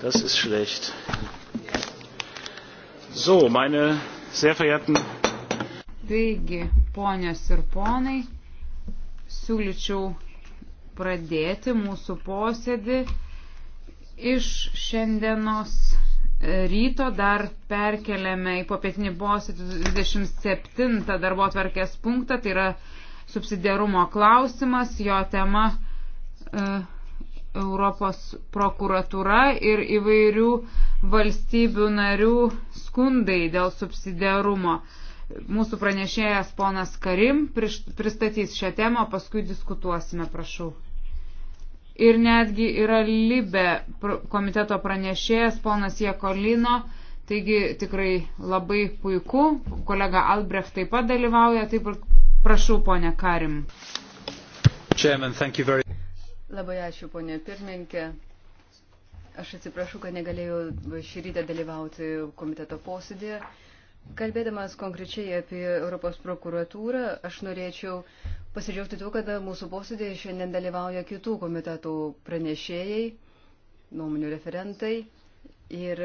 Das ist schlecht. So, meine sehr verehrten. Taigi, ponios ir ponai, siūlyčiau pradėti mūsų posėdį iš šiandienos ryto dar perkeliame į popietinį posėdį 27 darbo atverkės punktą, tai yra subsidiarumo klausimas, jo tema. Uh, Europos prokuratūra ir įvairių valstybių narių skundai dėl subsidiarumo. Mūsų pranešėjas ponas Karim pristatys šią temą, paskui diskutuosime, prašau. Ir netgi yra Libe komiteto pranešėjas ponas Jekolino, taigi tikrai labai puiku. Kolega Albrecht taip pat dalyvauja, taip ir prašau, ponė Karim. Chairman, thank you very Labai ačiū, ponė pirmininkė. Aš atsiprašau, kad negalėjau šį rytą dalyvauti komiteto posėdėje. Kalbėdamas konkrečiai apie Europos prokuratūrą, aš norėčiau pasidžiaugti tuo, kad mūsų posėdėje šiandien dalyvauja kitų komitetų pranešėjai, nuomonių referentai. Ir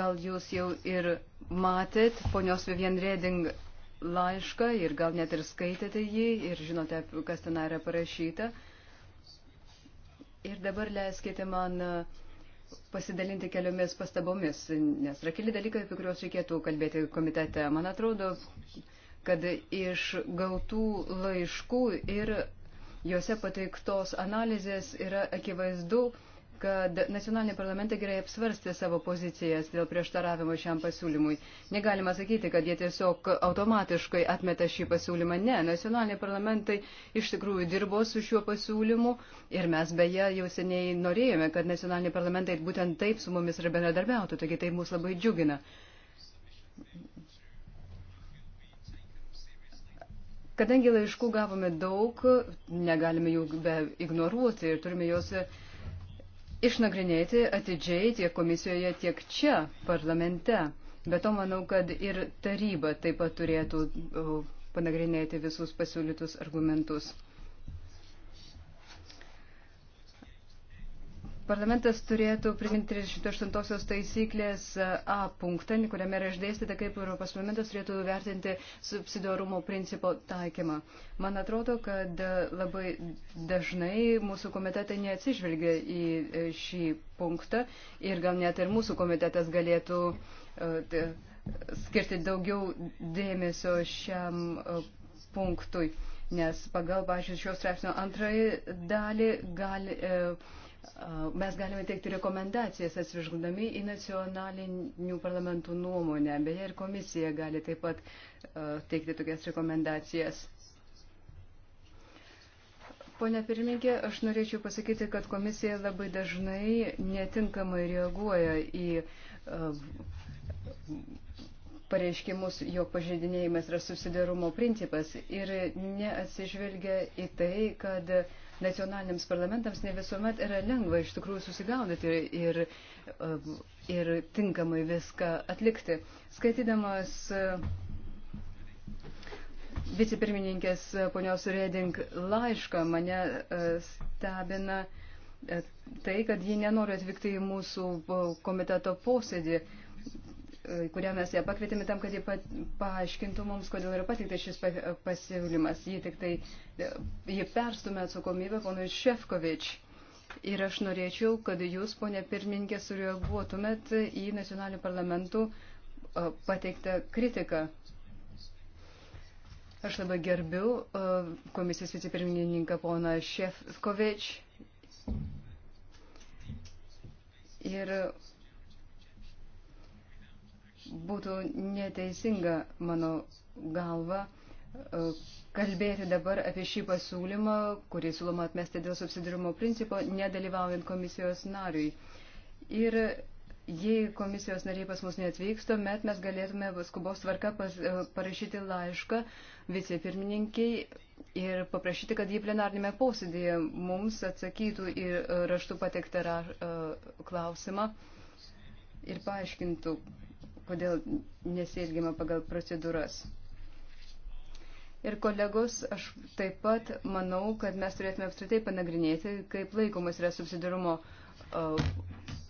gal jūs jau ir matėt ponios Vivian Reding laišką ir gal net ir skaitėte jį ir žinote, kas ten yra parašyta. Ir dabar leiskite man e, pasidalinti keliomis pastabomis, nes yra keli dalykai, apie kuriuos reikėtų kalbėti komitete. Man atrodo, kad iš gautų laiškų ir juose pateiktos analizės yra akivaizdu, kad nacionaliniai parlamentai gerai apsvarstė savo pozicijas dėl prieštaravimo šiam pasiūlymui. Negalima sakyti, kad jie tiesiog automatiškai atmeta šį pasiūlymą. Ne, nacionaliniai parlamentai iš tikrųjų dirbo su šiuo pasiūlymu ir mes beje jau seniai norėjome, kad nacionaliniai parlamentai būtent taip su mumis ir bendradarbiautų, taigi tai mus labai džiugina. Kadangi laiškų gavome daug, negalime jų be ignoruoti ir turime juos išnagrinėti atidžiai tiek komisijoje, tiek čia parlamente. Bet to manau, kad ir taryba taip pat turėtų panagrinėti visus pasiūlytus argumentus. Parlamentas turėtų priminti 38-osios taisyklės e, A punktą, kuriame yra išdėstyta, kaip Europos parlamentas turėtų vertinti subsidiarumo principo taikymą. Man atrodo, kad e, labai dažnai mūsų komitetai neatsižvelgia į e, šį punktą ir gal net ir mūsų komitetas galėtų skirti daugiau dėmesio šiam punktui, nes pagal, pažiūrėjau, šios straipsnio antrąjį dalį gali. E, Uh, mes galime teikti rekomendacijas atsižvelgdami į nacionalinių parlamentų nuomonę, beje ir komisija gali taip pat uh, teikti tokias rekomendacijas. Pone pirmininkė, aš norėčiau pasakyti, kad komisija labai dažnai netinkamai reaguoja į uh, pareiškimus, jog pažeidinėjimas yra susidarumo principas ir neatsižvelgia į tai, kad uh, nacionaliniams parlamentams ne visuomet yra lengva iš tikrųjų susigaudyti ir, um, ir tinkamai viską atlikti. Skaitydamas uh, vicepirmininkės uh, ponios Reding laišką mane uh, stebina tai, kad ji nenori atvykti į mūsų komiteto posėdį. E, kurią mes ją pakvietėme tam, kad jie paaiškintų mums, kodėl yra pateiktas šis pasiūlymas. Jie tik tai, e, jie perstumė atsakomybę ponui Šefkovič. Ir aš norėčiau, kad jūs, ponė pirmininkė, sureaguotumėt į nacionalinių parlamentų e, pateiktą kritiką. Aš labai gerbiu komisijos vicepirmininką poną Šefkovič. Ir būtų neteisinga mano galva e, kalbėti dabar apie šį pasiūlymą, kurį siūloma atmesti dėl subsidirimo principo, nedalyvaujant komisijos nariui. Ir jei komisijos nariai pas mus neatvyks, tuomet mes galėtume skubos tvarka pas, e, parašyti laišką vicepirmininkiai ir paprašyti, kad jį plenarnėme posėdėje mums atsakytų ir e, raštų pateiktą ra, klausimą ir paaiškintų, kodėl nesielgima pagal procedūras. Ir kolegos, aš taip pat manau, kad mes turėtume apskritai panagrinėti, kaip laikomas yra subsidarumo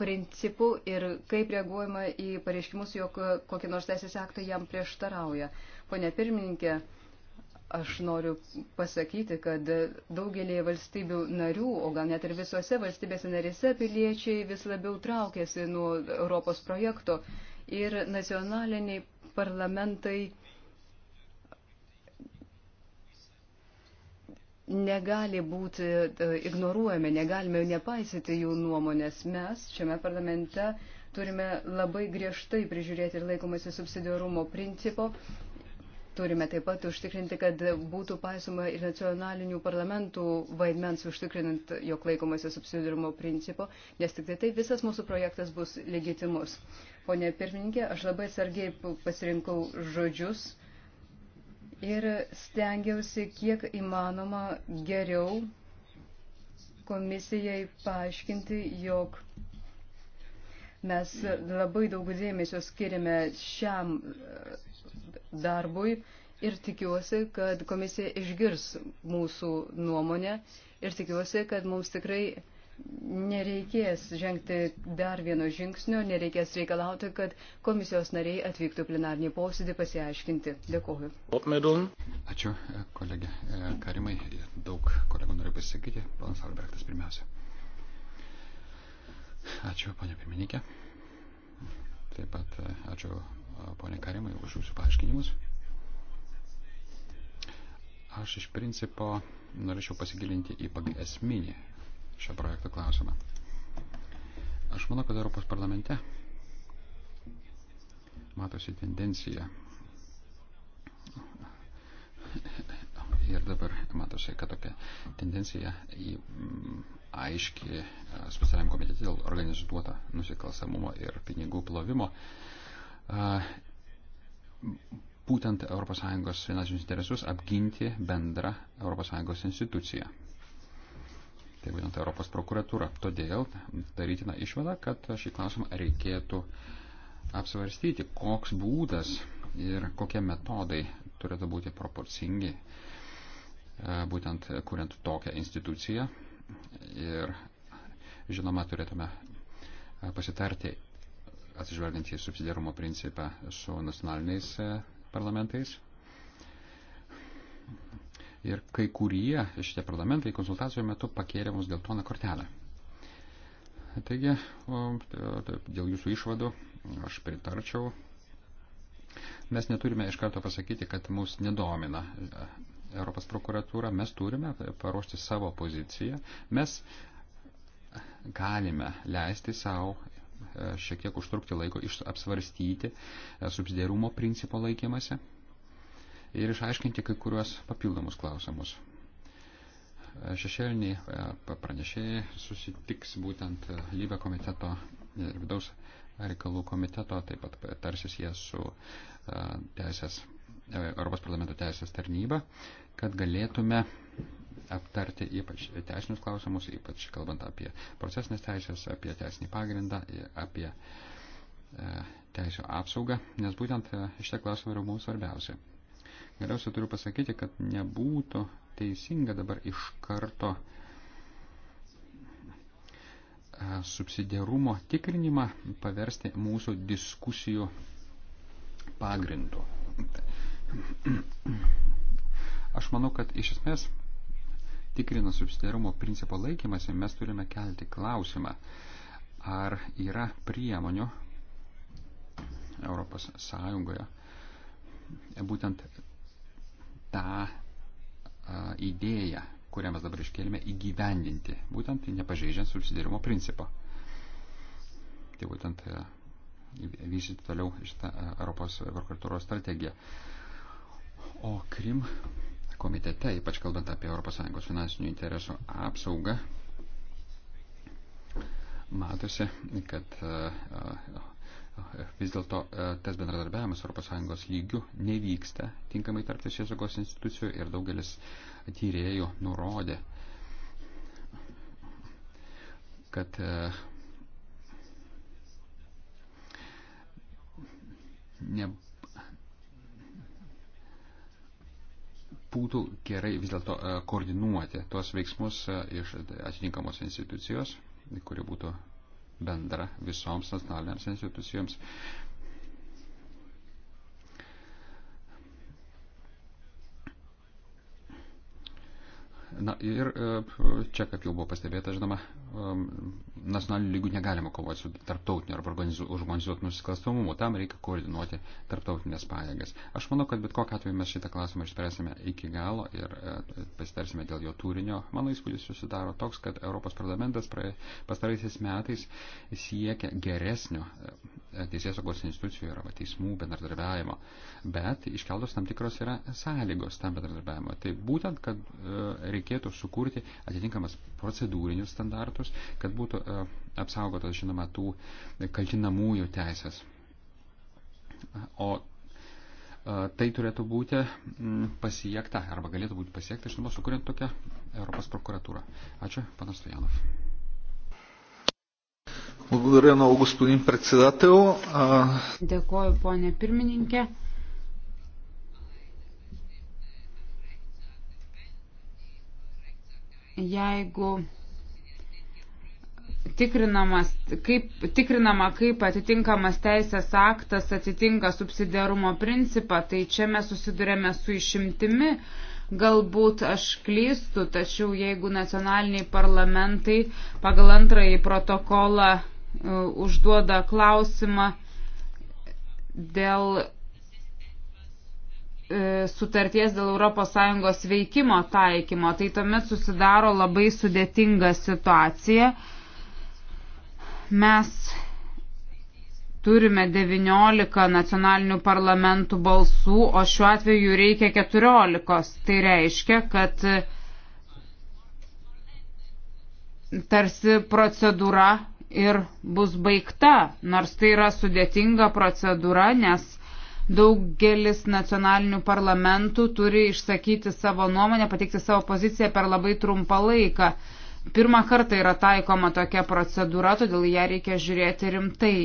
principų ir kaip reaguojama į pareiškimus, jog kokį nors teisės aktą jam prieštarauja. Pone pirmininkė, aš noriu pasakyti, kad daugelėje valstybių narių, o gal net ir visose valstybėse narėse piliečiai vis labiau traukėsi nuo Europos projekto. Uh, ir nacionaliniai parlamentai negali būti e, ignoruojami, negalime nepaisyti jų nuomonės. Mes šiame parlamente turime labai griežtai prižiūrėti ir laikomasi subsidiarumo principo turime taip pat užtikrinti, kad būtų paisoma ir nacionalinių parlamentų vaidmens užtikrinant, jog laikomasi subsidiarumo principo, nes tik tai taip visas mūsų projektas bus legitimus. Pone pirmininkė, aš labai sargiai pasirinkau žodžius ir stengiausi kiek įmanoma geriau komisijai paaiškinti, jog mes labai daug dėmesio skiriame šiam darbui ir tikiuosi, kad komisija išgirs mūsų nuomonę ir tikiuosi, kad mums tikrai nereikės žengti dar vieno žingsnio, nereikės reikalauti, kad komisijos nariai atvyktų plenarnį posėdį pasiaiškinti. Dėkuoju. Ačiū, kolegė e, Karimai. Daug kolegų noriu pasisakyti. Panas Albertas pirmiausia. Ačiū, ponia pirmininkė. Taip pat e, ačiū ponė Karimai, už jūsų paaiškinimus. Aš iš principo norėčiau pasigilinti į esminį šio projekto klausimą. Aš manau, kad Europos parlamente matosi tendencija ir dabar matosi, kad tokia tendencija į mm, aiškį e, specialiam komitete dėl organizuoto nusikalstamumo ir pinigų plovimo būtent ES finansinius interesus apginti bendra ES institucija. Tai būtent Europos prokuratūra. Todėl darytina išvada, kad šį klausimą reikėtų apsvarstyti, koks būdas ir kokie metodai turėtų būti proporcingi, būtent kuriant tokią instituciją. Ir žinoma, turėtume pasitarti atsižvelgiant į subsidiarumo principą su nacionaliniais e, parlamentais. Ir kai kurie šitie parlamentai konsultacijų metu pakėlė mums geltoną kortelę. Taigi, dėl jūsų išvadų aš pritarčiau. Mes neturime iš karto pasakyti, kad mus nedomina e, Europos prokuratūra, mes turime paruošti savo poziciją, mes galime leisti savo E, šiek tiek užtrukti laiko iš apsvarstyti e, subsidiarumo principo laikymasi ir išaiškinti kai kuriuos papildomus klausimus. E, šešėliniai pranešėjai susitiks būtent lybę komiteto ir vidaus reikalų komiteto, taip pat tarsis jie su teisės, Europos parlamento teisės tarnyba, kad galėtume aptarti ypač teisinius klausimus, ypač kalbant apie procesinės teisės, apie teisinį pagrindą, apie e, teisų apsaugą, nes būtent e, šitie klausimai yra mums svarbiausia. Galiausiai turiu pasakyti, kad nebūtų teisinga dabar iš karto e, subsidiarumo tikrinimą paversti mūsų diskusijų pagrindu. Aš manau, kad iš esmės tikrina subsidiarumo principo laikymasi, mes turime kelti klausimą, ar yra priemonių Europos Sąjungoje būtent tą a, idėją, kurią mes dabar iškėlėme, įgyvendinti, būtent nepažeidžiant subsidiarumo principo. Tai būtent vystyti toliau šitą Europos varkultūros strategiją. O Krim komitete, ypač kalbant apie ES finansinių interesų apsaugą, matosi, kad e, e, e, vis dėlto tas bendradarbiavimas ES lygių nevyksta tinkamai tarp teisėsaugos institucijų ir daugelis tyrėjų nurodė, kad ne, būtų gerai vis dėlto e, koordinuoti tuos veiksmus e, iš atitinkamos institucijos, kuri būtų bendra visoms nacionalinėms institucijoms. Na ir e, čia, kaip jau buvo pastebėta, žinoma, Ehm, nacionaliniu lygiu negalima kovoti su tarptautiniu arba organizuotu nusikalstamumu. Tam reikia koordinuoti tarptautinės pajėgas. Aš manau, kad bet kokiu atveju mes šitą klausimą išspręsime iki galo ir e, pasitarsime dėl jo turinio. Mano įspūdis susidaro toks, kad Europos parlamentas pastaraisiais metais siekia geresnio e, teisės saugos institucijų arba teismų bendradarbiavimo, bet iškeltos tam tikros yra sąlygos tam bendradarbiavimo. Tai būtent, kad e, reikėtų sukurti atitinkamas procedūrinius standartus aspektus, kad būtų e, apsaugotas, žinoma, tų kaltinamųjų teisės. O e, tai turėtų būti pasiekta, arba galėtų būti pasiekta, žinoma, sukuriant tokią Europos prokuratūrą. Ačiū, panas Stojanov. Благодаря много, господин председател. Дякую, поне пирмининке. Jeigu tikrinamas, kaip, tikrinama, kaip atitinkamas teisės aktas atitinka subsidiarumo principą, tai čia mes susidurėme su išimtimi. Galbūt aš klystu, tačiau jeigu nacionaliniai parlamentai pagal antrąjį protokolą uh, užduoda klausimą dėl e, sutarties dėl ES veikimo taikymo, tai tuomet susidaro labai sudėtinga situacija. Uh, mes turime 19 nacionalinių parlamentų balsų, o šiuo atveju reikia 14. Tai reiškia, kad tarsi procedūra ir bus baigta, nors tai yra sudėtinga procedūra, nes daugelis nacionalinių parlamentų turi išsakyti savo nuomonę, pateikti savo poziciją per labai trumpą laiką pirmą kartą yra taikoma tokia procedūra, todėl ją reikia žiūrėti rimtai.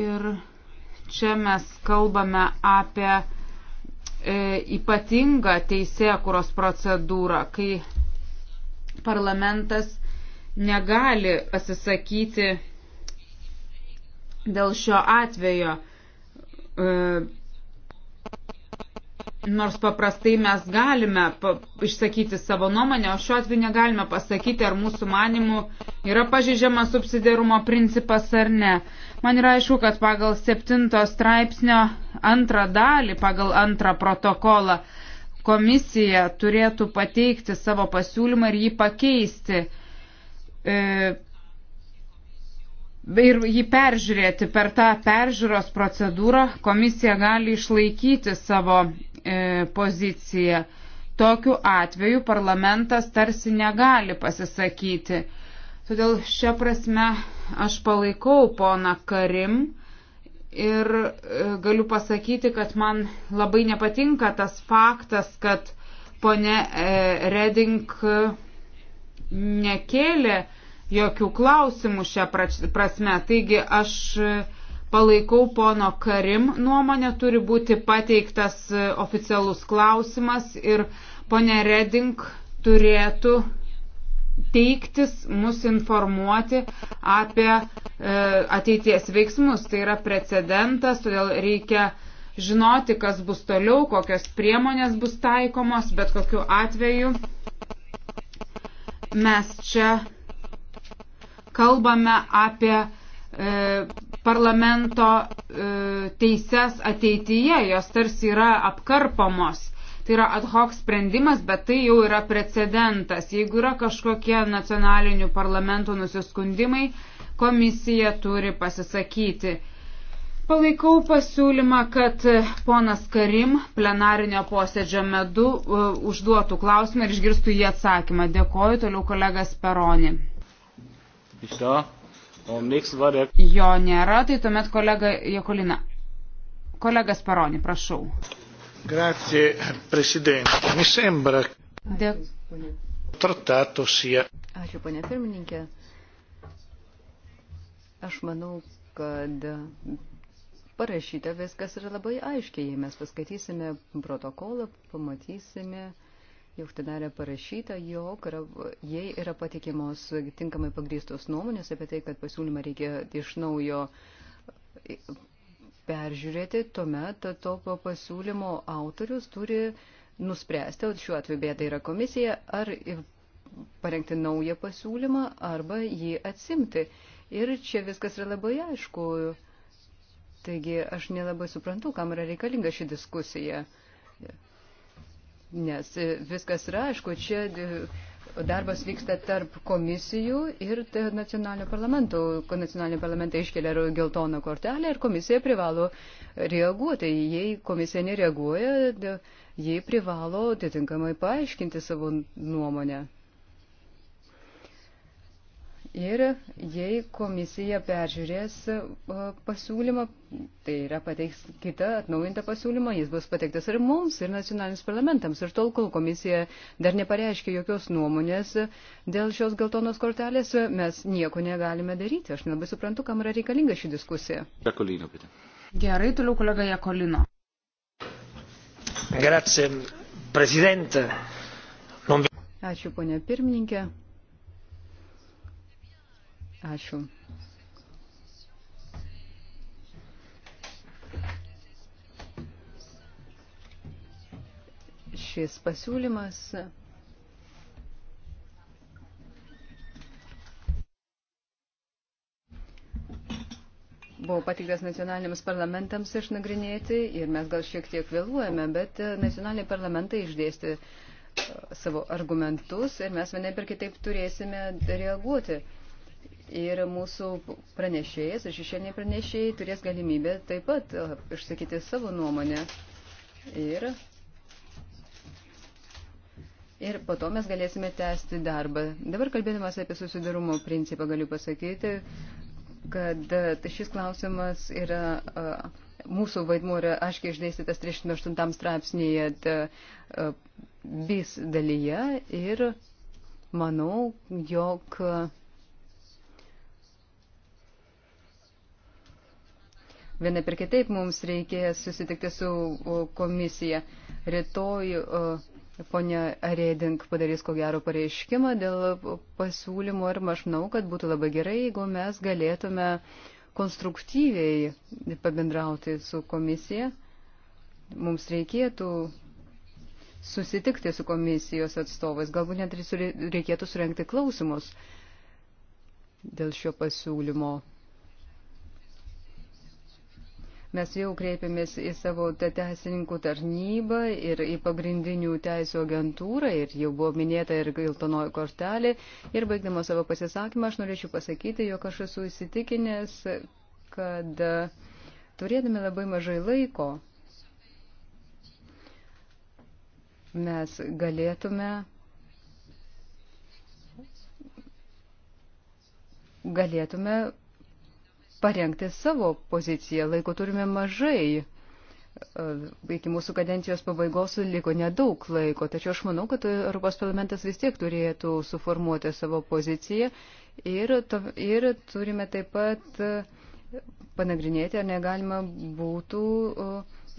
Ir čia mes kalbame apie e, ypatingą teisėkuros procedūrą, kai parlamentas negali pasisakyti dėl šio atvejo. E, nors paprastai mes galime išsakyti savo nuomonę, o šiuo atveju negalime pasakyti, ar mūsų manimų yra pažydžiamas subsidiarumo principas ar ne. Man yra aišku, kad pagal septinto straipsnio antrą dalį, pagal antrą protokolą, komisija turėtų pateikti savo pasiūlymą ir jį pakeisti. E, ir jį peržiūrėti. Per tą peržiūros procedūrą komisija gali išlaikyti savo E, poziciją. Tokiu atveju parlamentas tarsi negali pasisakyti. Todėl šią prasme aš palaikau poną Karim ir e, galiu pasakyti, kad man labai nepatinka tas faktas, kad ponė e, Reding nekėlė jokių klausimų šią prasme. Taigi aš Palaikau pono Karim nuomonę, turi būti pateiktas e, oficialus klausimas ir ponė Reding turėtų teiktis, mus informuoti apie e, ateities veiksmus. Tai yra precedentas, todėl reikia žinoti, kas bus toliau, kokios priemonės bus taikomos, bet kokiu atveju mes čia kalbame apie e, parlamento e, teises ateityje, jos tarsi yra apkarpomos. Tai yra ad hoc sprendimas, bet tai jau yra precedentas. Jeigu yra kažkokie nacionalinių parlamentų nusiskundimai, komisija turi pasisakyti. Palaikau pasiūlymą, kad ponas Karim plenarinio posėdžio medu e, užduotų klausimą ir išgirstų jį atsakymą. Dėkoju, toliau kolegas Peroni. Iš to. Jo nėra, tai tuomet kolega Jekolina. Kolegas Paroni, prašau. Grazie, prezidentė. Mi sembra. Dėkui. Trattato sia. Ačiū, ponė pirmininkė. Aš manau, kad parašyta viskas yra labai aiškiai. Jei mes paskaitysime protokolą, pamatysime, jau tenelė parašyta, jog jei yra patikimos tinkamai pagrįstos nuomonės apie tai, kad pasiūlymą reikia iš naujo peržiūrėti, tuomet to pasiūlymo autorius turi nuspręsti, o šiuo atveju bėda tai yra komisija, ar parengti naują pasiūlymą, arba jį atsimti. Ir čia viskas yra labai aišku. Taigi aš nelabai suprantu, kam yra reikalinga ši diskusija. Yeah nes e, viskas yra, aišku, čia e, darbas vyksta tarp komisijų ir nacionalinio parlamento. Nacionalinio parlamentai iškelia geltoną kortelę ir komisija privalo reaguoti. Jei komisija nereaguoja, jie privalo atitinkamai paaiškinti savo nuomonę. Ir jei komisija peržiūrės e, pasiūlymą, tai yra pateiks kitą atnaujintą pasiūlymą, jis bus pateiktas ir mums, ir nacionaliniams parlamentams. Ir tol, kol komisija dar nepareiškia jokios nuomonės dėl šios geltonos kortelės, mes nieko negalime daryti. Aš nelabai suprantu, kam yra reikalinga ši diskusija. Jakolino, Gerai, toliau kolega Jakolino. Grazie, prezidente. Non... Ačiū, ponia pirmininkė. Ačiū. Šis pasiūlymas buvo patiktas nacionaliniams parlamentams išnagrinėti ir mes gal šiek tiek vėluojame, bet nacionaliniai parlamentai išdėsti e, savo argumentus ir mes vienaip ir kitaip turėsime reaguoti. Ir mūsų pranešėjas ir šešėliniai pranešėjai turės galimybę taip pat uh, išsakyti savo nuomonę. Ir, ir po to mes galėsime tęsti darbą. Dabar kalbėdamas apie susidarumo principą galiu pasakyti, kad uh, tai šis klausimas yra. Uh, mūsų vaidmuo yra aiškiai išdėstytas 38 straipsnėje bis dalyje ir manau, jog Vienai per kitaip mums reikės susitikti su komisija. Rytoj ponia Reding padarys ko gero pareiškimą dėl pasiūlymo ir aš manau, kad būtų labai gerai, jeigu mes galėtume konstruktyviai pabendrauti su komisija. Mums reikėtų susitikti su komisijos atstovais, galbūt net reikėtų surenkti klausimus dėl šio pasiūlymo. Mes jau kreipėmės į savo teisininkų tarnybą ir į pagrindinių teisų agentūrą ir jau buvo minėta ir geltonoji kortelė. Ir baigdama savo pasisakymą aš norėčiau pasakyti, jog aš esu įsitikinęs, kad e, turėdami labai mažai laiko mes galėtume galėtume parengti savo poziciją. Laiko turime mažai. E, iki mūsų kadencijos pabaigos liko nedaug laiko, tačiau aš manau, kad Europos parlamentas vis tiek turėtų suformuoti savo poziciją ir, to, ir turime taip pat e, panagrinėti, ar negalima būtų e,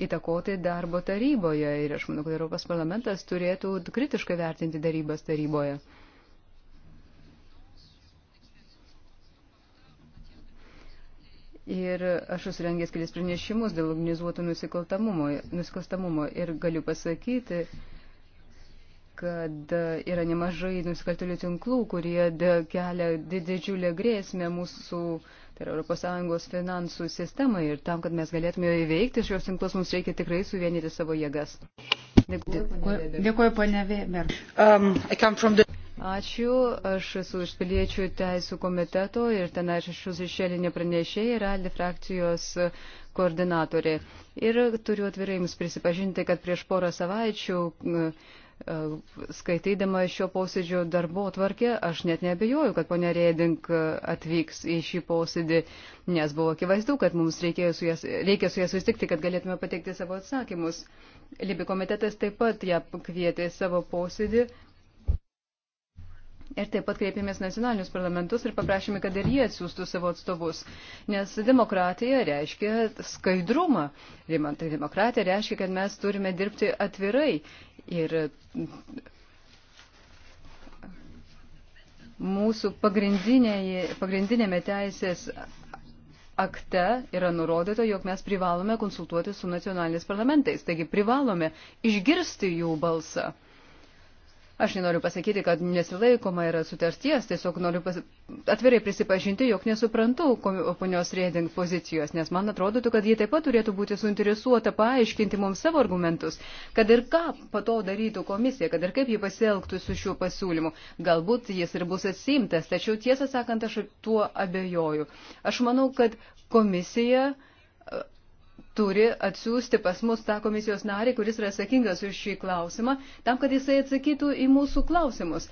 įtakoti darbo taryboje. Ir aš manau, kad Europos parlamentas turėtų kritiškai vertinti darybas taryboje. Ir aš esu rengęs kelis pranešimus dėl organizuoto nusikalstamumo ir galiu pasakyti, kad yra nemažai nusikaltėlių tinklų, kurie kelia didžiulę grėsmę mūsų, tai yra ES finansų sistemai. Ir tam, kad mes galėtume įveikti šios tinklus, mums reikia tikrai suvienyti savo jėgas. Dėkuoju, ponė Weber. Um, the... Ačiū, aš esu iš piliečių teisų komiteto ir ten aš esu šešėlinė pranešėja ir Aldi frakcijos koordinatorė. Ir turiu atvirai jums prisipažinti, kad prieš porą savaičių e, e, skaitydama šio posėdžio darbo tvarkę, aš net nebejoju, kad ponė Rėdink atvyks į šį posėdį, nes buvo akivaizdu, kad mums reikėjo su jas, reikia su jas susitikti, kad galėtume pateikti savo atsakymus. Libi komitetas taip pat ją kvietė į savo posėdį Ir taip pat kreipėmės nacionalinius parlamentus ir paprašėme, kad ir jie atsiųstų savo atstovus. Nes demokratija reiškia skaidrumą. Tai demokratija reiškia, kad mes turime dirbti atvirai. Ir mūsų pagrindinėme teisės akte yra nurodyta, jog mes privalome konsultuoti su nacionaliniais parlamentais. Taigi privalome išgirsti jų balsą. Aš nenoriu pasakyti, kad nesilaikoma yra sutarties, tiesiog noriu pas... atvirai prisipažinti, jog nesuprantu ponios Reding pozicijos, nes man atrodo, kad jie taip pat turėtų būti suinteresuota paaiškinti mums savo argumentus, kad ir ką pato darytų komisija, kad ir kaip jie pasielgtų su šiuo pasiūlymu. Galbūt jis ir bus atsimtas, tačiau tiesą sakant, aš tuo abejoju. Aš manau, kad komisija turi atsiųsti pas mus tą komisijos narį, kuris yra atsakingas už šį klausimą, tam, kad jisai atsakytų į mūsų klausimus.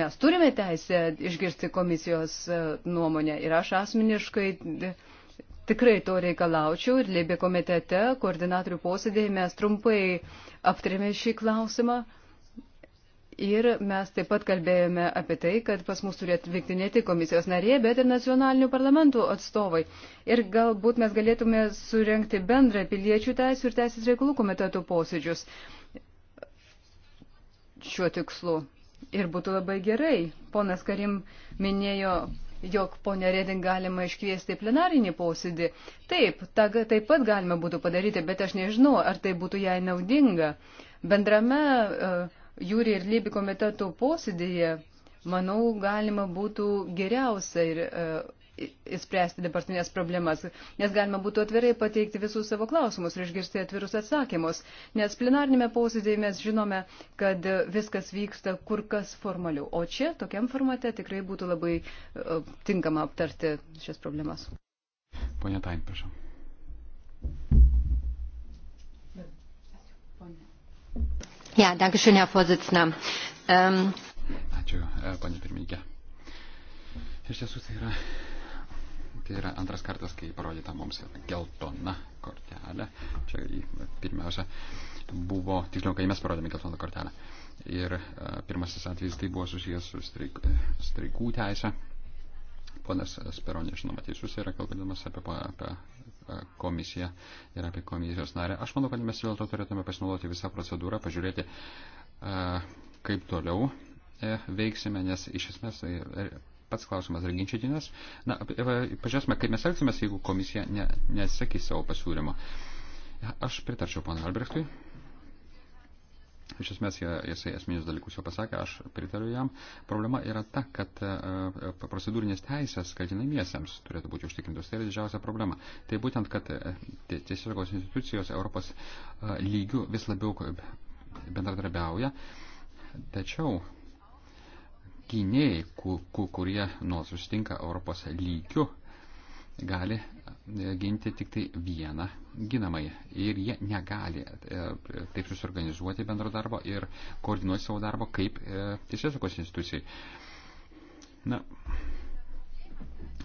Mes turime teisę išgirsti komisijos e, nuomonę ir aš asmeniškai e, tikrai to reikalaučiau ir Libė komitete, koordinatorių posėdėje mes trumpai aptarėme šį klausimą. Ir mes taip pat kalbėjome apie tai, kad pas mus turėtų vykti ne tik komisijos narė, bet ir nacionalinių parlamentų atstovai. Ir galbūt mes galėtume surenkti bendrą piliečių teisų ir teisės reikalų komitetų posėdžius šiuo tikslu. Ir būtų labai gerai. Ponas Karim minėjo jog ponę Reding galima iškviesti plenarinį posėdį. Taip, ta, taip pat galima būtų padaryti, bet aš nežinau, ar tai būtų jai naudinga. Bendrame uh, jūri ir lėbi komiteto posėdėje, manau, galima būtų geriausia ir įspręsti e, dabartinės problemas, nes galima būtų atvirai pateikti visus savo klausimus ir išgirsti atvirus atsakymus, nes plenarnėme posėdėje mes žinome, kad viskas vyksta kur kas formaliau, o čia tokiam formate tikrai būtų labai uh, tinkama aptarti šias problemas. Pone Tain, prašau. Pone. Ja, danke schön, Herr Vorsitzender. Um... Ačiū, e, panė pirmininkė. Iš tiesų tai yra, tai yra antras kartas, kai parodyta mums geltona kortelė. Čia pirmiausia buvo, tiksliau, kai mes parodėme geltoną kortelę. Ir a, e, pirmasis atvejis tai buvo susijęs su streik, streikų teisė. Ponas Speronė, žinoma, teisus yra, kalbėdamas apie, apie E, komisiją ir apie komisijos narę. Aš manau, kad mes vėl to turėtume pasinaudoti visą procedūrą, pažiūrėti, e, kaip toliau e, veiksime, nes iš esmės tai pats klausimas yra ginčytinas. Na, pažiūrėsime, kaip mes elgsimės, jeigu komisija ne, nesakys savo pasiūlymo. Aš pritarčiau pana Albrechtui. Iš esmės jisai esminius dalykus jau pasakė, aš pritariu jam. Problema yra ta, kad e, e, procedūrinės teisės kaltinamiesiems turėtų būti užtikrintos. Tai yra didžiausia problema. Tai būtent, kad e, teisėsaugos institucijos Europos lygių vis labiau bendradarbiauja. Tačiau gynėjai, kurie nuolat susitinka Europos lygių, gali e, ginti tik tai vieną ginamąjį ir jie negali e, taip susorganizuoti bendro darbo ir koordinuoti savo darbo kaip e, teisėsaugos institucijai. Na,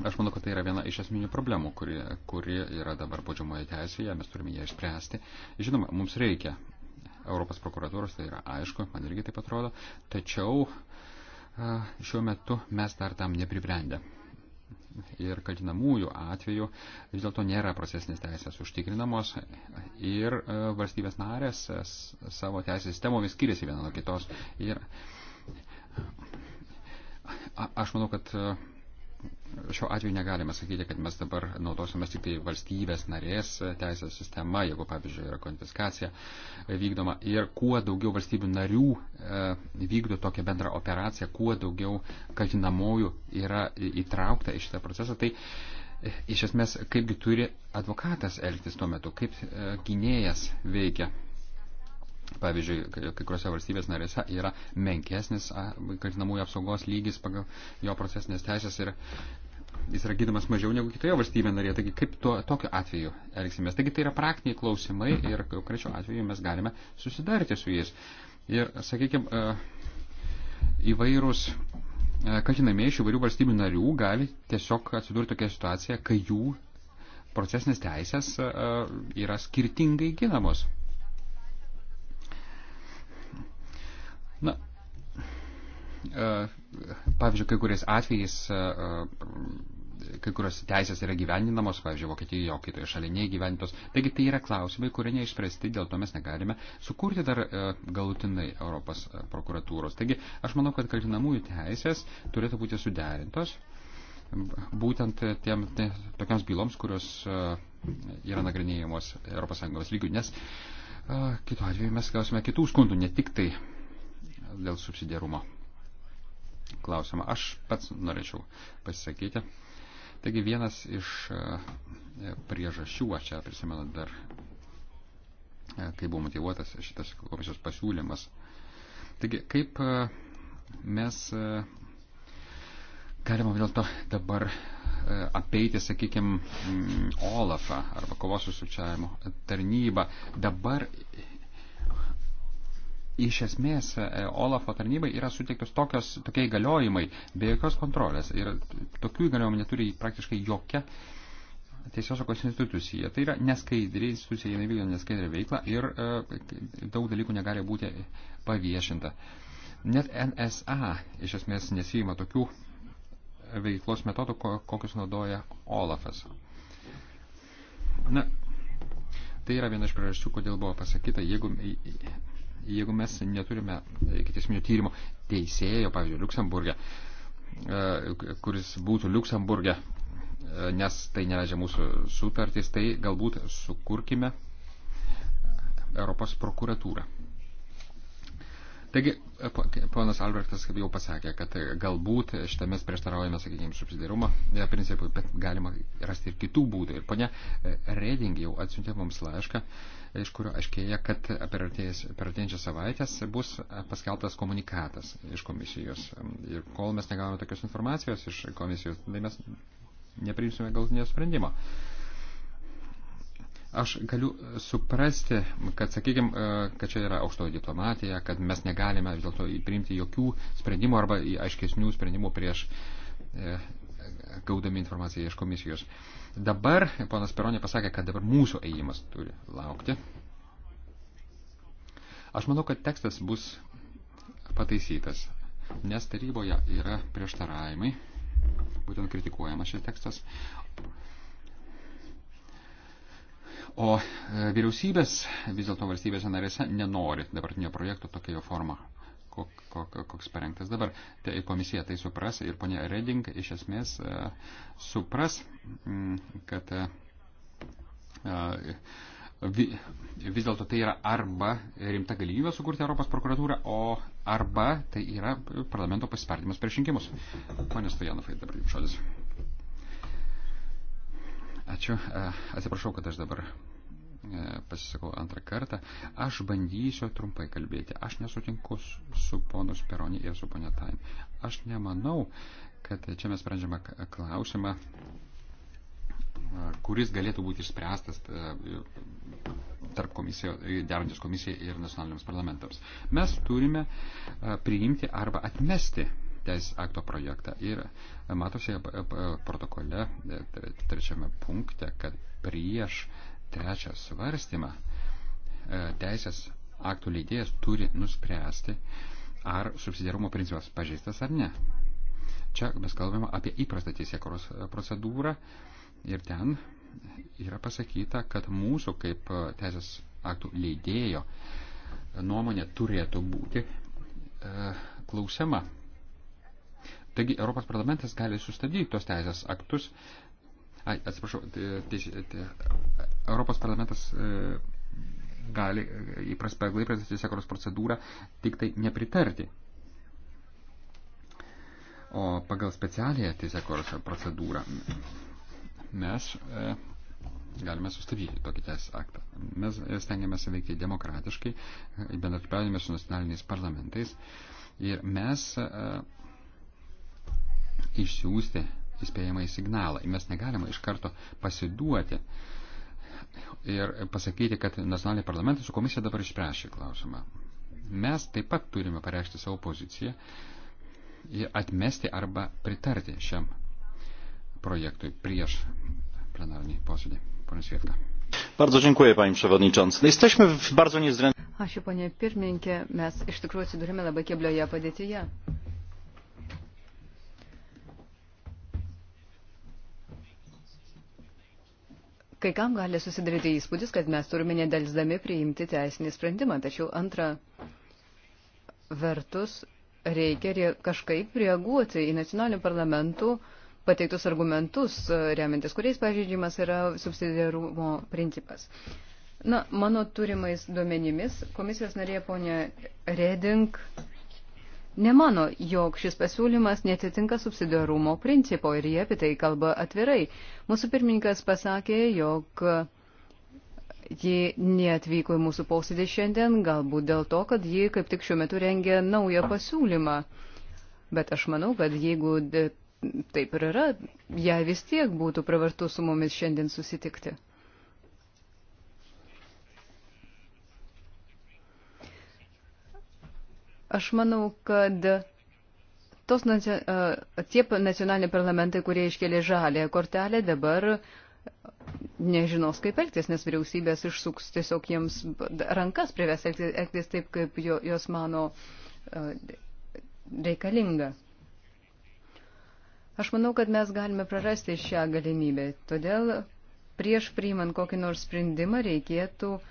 Aš manau, kad tai yra viena iš esminių problemų, kuri, kuri yra dabar baudžiamoje teisėje, mes turime ją išspręsti. Žinoma, mums reikia Europos prokuratūros, tai yra aišku, man irgi taip atrodo, tačiau šiuo metu mes dar tam nepribrendę ir kaltinamųjų atveju vis dėlto nėra procesinės teisės užtikrinamos ir e, valstybės narės e, savo teisės sistemomis skiriasi viena nuo kitos. Ir aš manau, kad e, šiuo atveju negalime sakyti, kad mes dabar naudosimės tik tai valstybės narės teisės sistema, jeigu, pavyzdžiui, yra konfiskacija vykdoma. Ir kuo daugiau valstybių narių e, vykdo tokią bendrą operaciją, kuo daugiau kaltinamųjų yra įtraukta į šitą procesą, tai e, iš esmės kaipgi turi advokatas elgtis tuo metu, kaip e, gynėjas veikia Pavyzdžiui, kai kuriuose valstybės narėse yra menkesnis kaltinamųjų apsaugos lygis pagal jo procesinės teisės ir jis yra gydamas mažiau negu kitoje valstybėje narėje. Taigi, kaip to, tokiu atveju elgsimės? Taigi, tai yra praktiniai klausimai ir konkrečiu atveju mes galime susidaryti su jais. Ir, sakykime, įvairūs kaltinamieji iš įvairių valstybių narių gali tiesiog atsidurti tokia situacija, kai jų procesinės teisės yra skirtingai ginamos. Na, e, pavyzdžiui, kai kuriais atvejais, e, e, kai kurios teisės yra gyvendinamos, pavyzdžiui, Vokietijoje, o kitoje šalyje neįgyvendintos. Taigi tai yra klausimai, kurie neišspręsti, dėl to mes negalime sukurti dar galutinai Europos prokuratūros. Taigi aš manau, kad kaltinamųjų teisės turėtų būti suderintos būtent tiem, ne, tokiams byloms, kurios yra nagrinėjamos ES lygių, nes kitu atveju mes gausime kitų skundų, ne tik tai dėl subsidiarumo klausimą. Aš pats norėčiau pasisakyti. Taigi vienas iš e, priežasčių, aš čia prisimenu dar, e, kai buvo motivuotas šitas komisijos pasiūlymas. Taigi kaip e, mes galima dėl to dabar apeiti, sakykime, Olafą arba kovos su sukčiavimu tarnybą. Dabar iš esmės e, Olafo tarnybai yra suteiktos tokios, tokie įgaliojimai be jokios kontrolės ir tokių įgaliojimų neturi praktiškai jokia teisėsaugos institucija. Tai yra neskaidri institucija, jinai vykdo neskaidrią veiklą ir e, daug dalykų negali būti paviešinta. Net NSA iš esmės nesijima tokių veiklos metodų, kokius naudoja Olafas. Na, tai yra viena iš priežasčių, kodėl buvo pasakyta, jeigu jeigu mes neturime ikiteisminio tyrimo teisėjo, pavyzdžiui, Luksemburgė, e, kuris būtų Luksemburgė, e, nes tai neleidžia mūsų sutartys, tai galbūt sukurkime Europos prokuratūrą. Taigi, ponas Albrechtas kaip jau pasakė, kad galbūt šitame prieštaraujame, sakykime, subsidiarumo e, principui, bet galima rasti ir kitų būdų. Ir ponia e, Reding jau atsiuntė mums laišką, iš kurio aiškėja, kad per ateinančią savaitę bus paskeltas komunikatas iš komisijos. Ir kol mes negavome tokios informacijos iš komisijos, tai mes nepriimsime galutinio sprendimo. Uh, Aš galiu suprasti, kad, sakykime, kad čia yra aukštoji diplomatija, kad mes negalime vis dėlto priimti jokių sprendimų arba aiškesnių sprendimų prieš e, gaudami informaciją iš komisijos. Dabar ponas Peronė pasakė, kad dabar mūsų ėjimas turi laukti. Aš manau, kad tekstas bus pataisytas, nes taryboje yra prieštaravimai, būtent kritikuojamas šis tekstas. O e, vyriausybės vis dėlto valstybėse narėse nenori dabartinio projekto tokia jo forma, kok, kok, koks parengtas dabar. Tai komisija tai supras ir ponia Reding iš esmės e, supras, mm, kad e, vis dėlto tai yra arba rimta galimybė sukurti Europos prokuratūrą, o arba tai yra parlamento pasispardymas prieš rinkimus. Pone Stojanovai, dabar jums žodis. Ačiū. E, atsiprašau, kad aš dabar e, pasisakau antrą kartą. Aš bandysiu trumpai kalbėti. Aš nesutinku su ponu Speroni ir su ponia Tain. Aš nemanau, kad čia mes sprendžiame klausimą, e, kuris galėtų būti išspręstas tarp komisijo, derantis komisijai ir nacionaliniams parlamentams. Mes turime priimti arba atmesti teisės akto projektą. Ir Matau šioje protokole, e, trečiame punkte, kad prieš trečią svarstymą e, teisės aktų leidėjas turi nuspręsti, ar subsidiarumo principas pažeistas ar ne. Čia mes kalbame apie įprastą teisėkoros e, procedūrą ir ten yra pasakyta, kad mūsų kaip teisės aktų leidėjo nuomonė turėtų būti e, klausiama Taigi Europos parlamentas gali sustabdyti tos teisės aktus. Ai, atsiprašau, teis, te, tai, tai, Europos parlamentas e, gali e, įpras per Graikijos teisėkros procedūrą tik tai nepritarti. O pagal specialiąją teisėkros procedūrą mes e, galime sustabdyti tokį teisės aktą. Mes stengiamės veikti demokratiškai, bendradarbiaujame su nacionaliniais parlamentais ir mes e, išsiųsti įspėjamą į signalą. Mes negalime iš karto pasiduoti ir pasakyti, kad nacionaliniai parlamentai su komisija dabar išspręs šį klausimą. Mes taip pat turime pareikšti savo poziciją ir atmesti arba pritarti šiam projektui prieš plenarnį posėdį. Pane Svietka. Bardzo dziękuję, panie przewodniczący. Jesteśmy w bardzo niezręcznym. Ačiū, ponė pirmininkė. Mes iš tikrųjų atsidūrėme labai keblioje padėtyje. Kai kam gali susidaryti įspūdis, kad mes turime nedelsdami priimti teisinį sprendimą, tačiau antra vertus reikia re, kažkaip reaguoti į nacionalinių parlamentų pateiktus argumentus, remintis kuriais pažydžiamas yra subsidiarumo principas. Na, mano turimais duomenimis komisijos narė ponė Reding nemano, jog šis pasiūlymas netitinka subsidiarumo principo ir jie apie tai kalba atvirai. Mūsų pirmininkas pasakė, jog ji neatvyko į mūsų posėdį šiandien, galbūt dėl to, kad ji kaip tik šiuo metu rengia naują pasiūlymą. Bet aš manau, kad jeigu taip ir yra, jai vis tiek būtų pravartu su mumis šiandien susitikti. Aš manau, kad tos, tie nacionaliniai parlamentai, kurie iškėlė žalę kortelę, dabar nežinos, kaip elgtis, nes vyriausybės išsuks tiesiog jiems rankas prives elgtis, elgtis taip, kaip jo, jos mano reikalinga. Aš manau, kad mes galime prarasti šią galimybę. Todėl prieš priimant kokį nors sprendimą reikėtų uh,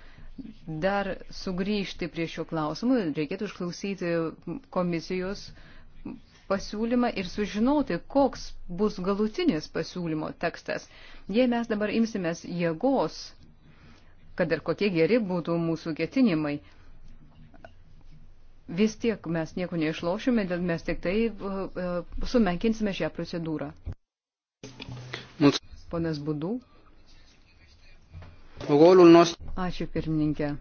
dar sugrįžti prie šio klausimų, reikėtų išklausyti komisijos pasiūlymą ir sužinoti, koks bus galutinis pasiūlymo tekstas. Jei mes dabar imsimės jėgos, kad ir kokie geri būtų mūsų ketinimai, vis tiek mes nieko neišlošime, mes tik tai uh, uh, sumenkinsime šią procedūrą. Ponas Budu. Rolul nostru. Ačiū pirmininkė.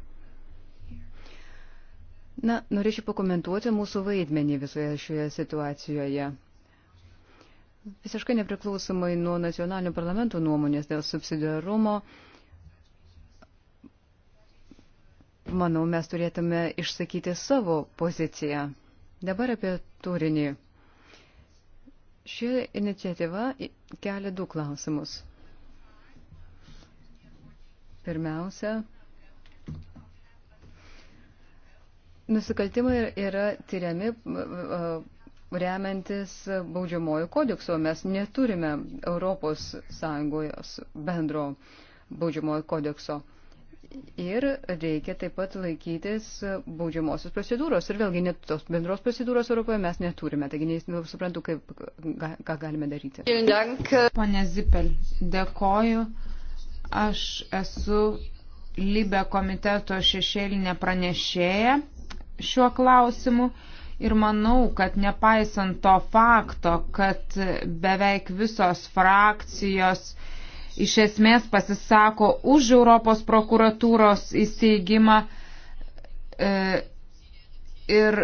Na, norėčiau pakomentuoti mūsų vaidmenį visoje šioje situacijoje. Visiškai nepriklausomai nuo nacionalinių parlamentų nuomonės dėl subsidiarumo, manau, mes turėtume išsakyti savo poziciją. Dabar apie turinį. Ši iniciatyva kelia du klausimus. Pirmiausia, nusikaltimai yra tyriami uh, remiantis baudžiamojų kodeksu. Mes neturime Europos Sąjungos bendro baudžiamojo kodekso. Ir reikia taip pat laikytis baudžiamosios procedūros. Ir vėlgi net tos bendros procedūros Europoje mes neturime. Taigi nesuprantu, kaip, ką galime daryti. Pone Zipel, dėkoju. Aš esu Libe komiteto šešėlinė pranešėja šiuo klausimu ir manau, kad nepaisant to fakto, kad beveik visos frakcijos iš esmės pasisako už Europos prokuratūros įsteigimą e, ir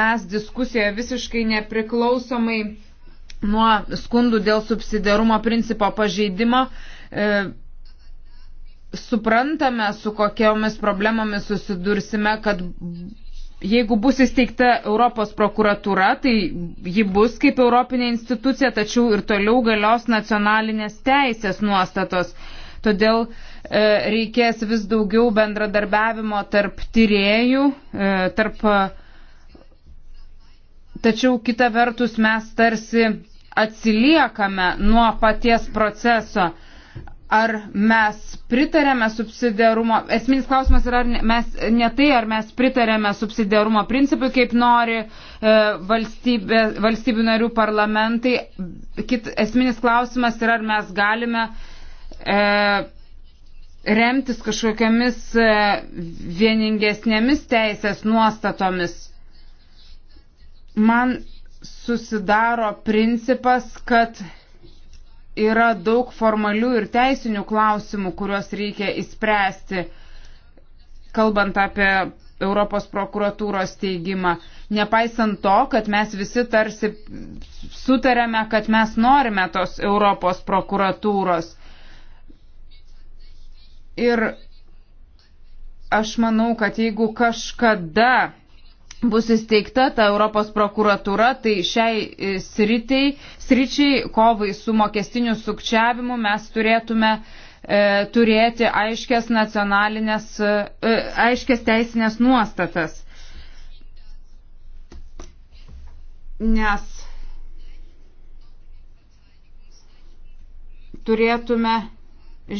mes diskusijoje visiškai nepriklausomai nuo skundų dėl subsidiarumo principo pažeidimo. E, suprantame, su kokiomis problemomis susidursime, kad jeigu bus įsteigta Europos prokuratūra, tai ji bus kaip Europinė institucija, tačiau ir toliau galios nacionalinės teisės nuostatos. Todėl e, reikės vis daugiau bendradarbiavimo tarp tyriejų, e, tarp e, tačiau kita vertus mes tarsi atsiliekame nuo paties proceso. Ar mes pritarėme subsidiarumo, esminis klausimas yra, ar mes, ne tai, ar mes pritarėme subsidiarumo principui, kaip nori e, valstybė, valstybių narių parlamentai. Kit, esminis klausimas yra, ar mes galime e, remtis kažkokiamis e, vieningesnėmis teisės nuostatomis man susidaro principas, kad yra daug formalių ir teisinių klausimų, kuriuos reikia įspręsti, kalbant apie Europos prokuratūros teigimą. Nepaisant to, kad mes visi tarsi sutarėme, kad mes norime tos Europos prokuratūros. Ir aš manau, kad jeigu kažkada bus įsteigta ta Europos prokuratūra, tai šiai e, sritiai, sričiai kovai su mokestiniu sukčiavimu mes turėtume e, turėti aiškias, nacionalinės, e, e aiškias teisinės nuostatas. Nes turėtume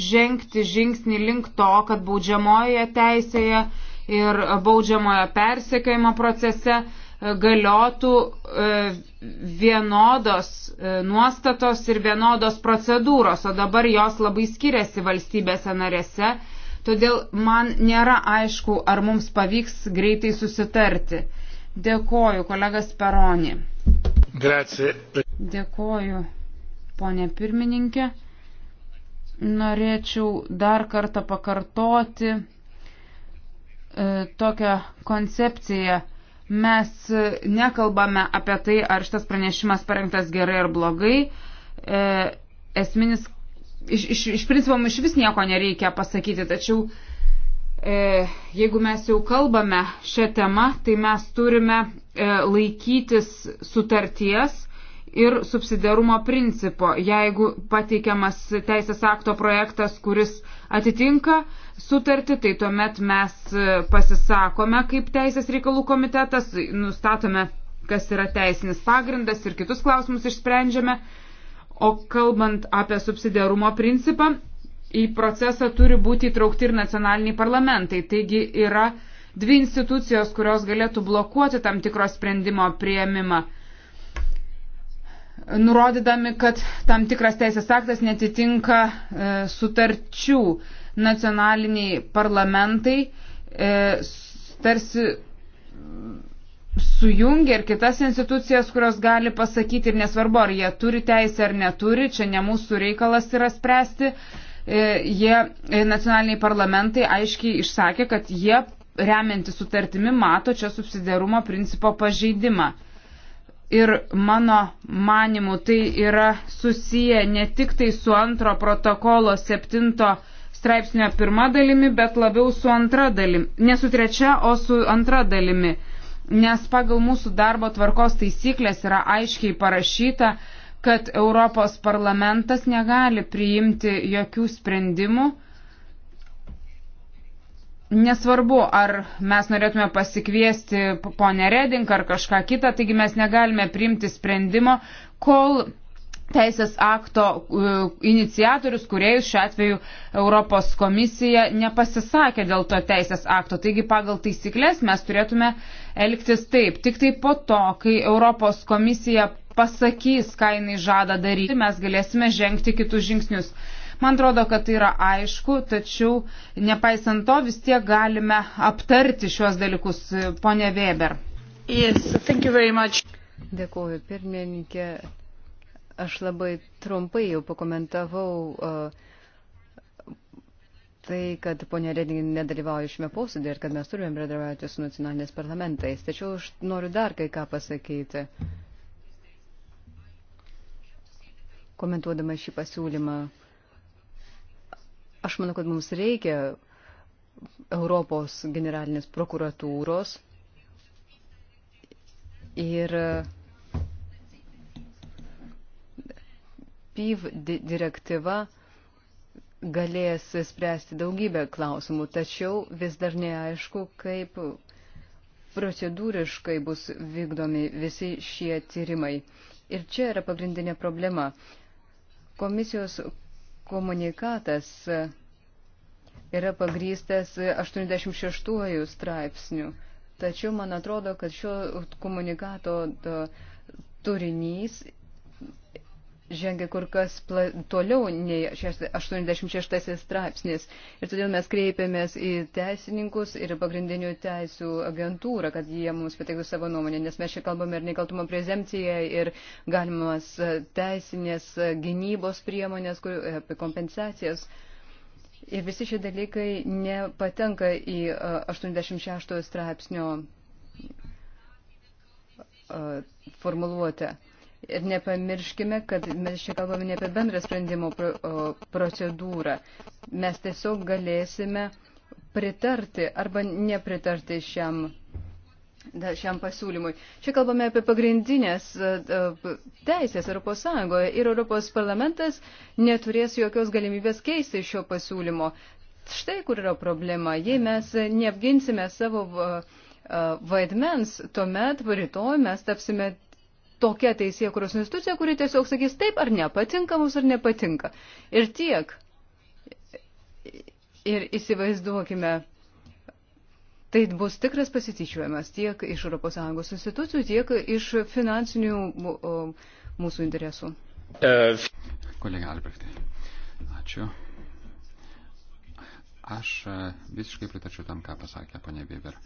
žengti žingsnį link to, kad baudžiamoje teisėje ir baudžiamojo persekiojimo procese e, galiotų e, vienodos e, nuostatos ir vienodos procedūros, o dabar jos labai skiriasi valstybėse narėse, todėl man nėra aišku, ar mums pavyks greitai susitarti. Dėkoju, kolegas Peroni. Grazie. Dėkoju, ponė pirmininkė. Norėčiau dar kartą pakartoti E, tokią koncepciją. Mes nekalbame apie tai, ar šitas pranešimas parengtas gerai ar blogai. E, esminis, iš, iš, iš principo, mums iš vis nieko nereikia pasakyti, tačiau e, jeigu mes jau kalbame šią temą, tai mes turime laikytis sutarties ir subsidiarumo principo. Jeigu pateikiamas teisės akto projektas, kuris atitinka sutartį, tai tuomet mes e, pasisakome kaip Teisės reikalų komitetas, nustatome, kas yra teisinis pagrindas ir kitus klausimus išsprendžiame. O kalbant apie subsidiarumo principą, į procesą turi būti įtraukti ir nacionaliniai parlamentai. Taigi yra dvi institucijos, kurios galėtų blokuoti tam tikro sprendimo prieimimą nurodydami, kad tam tikras teisės aktas netitinka e, sutarčių nacionaliniai parlamentai e, tarsi sujungia ir kitas institucijas, kurios gali pasakyti ir nesvarbu, ar jie turi teisę ar neturi, čia ne mūsų reikalas yra spręsti. E, jie e, nacionaliniai parlamentai aiškiai išsakė, kad jie remianti sutartimi mato čia subsidiarumo principo pažeidimą ir mano manimu tai yra susiję ne tik tai su antro protokolo septinto straipsnio pirma dalimi, bet labiau su antra dalimi. Ne su trečia, o su antra dalimi. Nes pagal mūsų darbo tvarkos taisyklės yra aiškiai parašyta, kad Europos parlamentas negali priimti jokių sprendimų, Nesvarbu, ar mes norėtume pasikviesti ponę Redink ar kažką kitą, taigi mes negalime priimti sprendimo, kol teisės akto e, iniciatorius, kuriejus šiuo atveju Europos komisija nepasisakė dėl to teisės akto. Taigi pagal taisyklės mes turėtume elgtis taip. Tik tai po to, kai Europos komisija pasakys, ką jinai žada daryti, mes galėsime žengti kitus žingsnius. Man atrodo, kad tai yra aišku, tačiau nepaisant to vis tiek galime aptarti šiuos dalykus. Pone Weber. Yes, Dėkuoju, pirmininkė. Aš labai trumpai jau pakomentavau uh, tai, kad ponė Redingin nedalyvauja šiame posėdė ir kad mes turime bendradarbiauti su nacionalinės parlamentais. Tačiau aš noriu dar kai ką pasakyti. Komentuodama šį pasiūlymą, Aš manau, kad mums reikia Europos generalinės prokuratūros ir PIV direktyva galės spręsti daugybę klausimų, tačiau vis dar neaišku, kaip procedūriškai bus vykdomi visi šie tyrimai. Ir čia yra pagrindinė problema. Komisijos komunikatas yra pagrystas 86 straipsnių. Tačiau man atrodo, kad šio komunikato turinys žengia kur kas pla, toliau nei 86 straipsnis. Ir todėl mes kreipiamės į teisininkus ir pagrindinių teisų agentūrą, kad jie mums pateiktų savo nuomonę, nes mes čia kalbame ir nekaltumo prezemciją, ir galimas teisinės gynybos priemonės, kur, e, apie kompensacijas. Ir visi šie dalykai nepatenka į 86 e, straipsnio e, formuluotę. Ir nepamirškime, kad mes čia kalbame ne apie bendrą sprendimo procedūrą. Mes tiesiog galėsime pritarti arba nepritarti šiam, šiam pasiūlymui. Čia kalbame apie pagrindinės teisės Europos Sąjungoje ir Europos parlamentas neturės jokios galimybės keisti šio pasiūlymo. Štai kur yra problema. Jei mes neapginsime savo vaidmens, tuomet rytoj mes tapsime tokia teisėkuros institucija, kuri tiesiog sakys taip ar nepatinka mums ar nepatinka. Ir tiek. Ir įsivaizduokime, tai bus tikras pasityčiojimas tiek iš ES institucijų, tiek iš finansinių mūsų interesų. Kolega Albrechtai, ačiū. Aš e, visiškai pritačiau tam, ką pasakė ponė Bieber.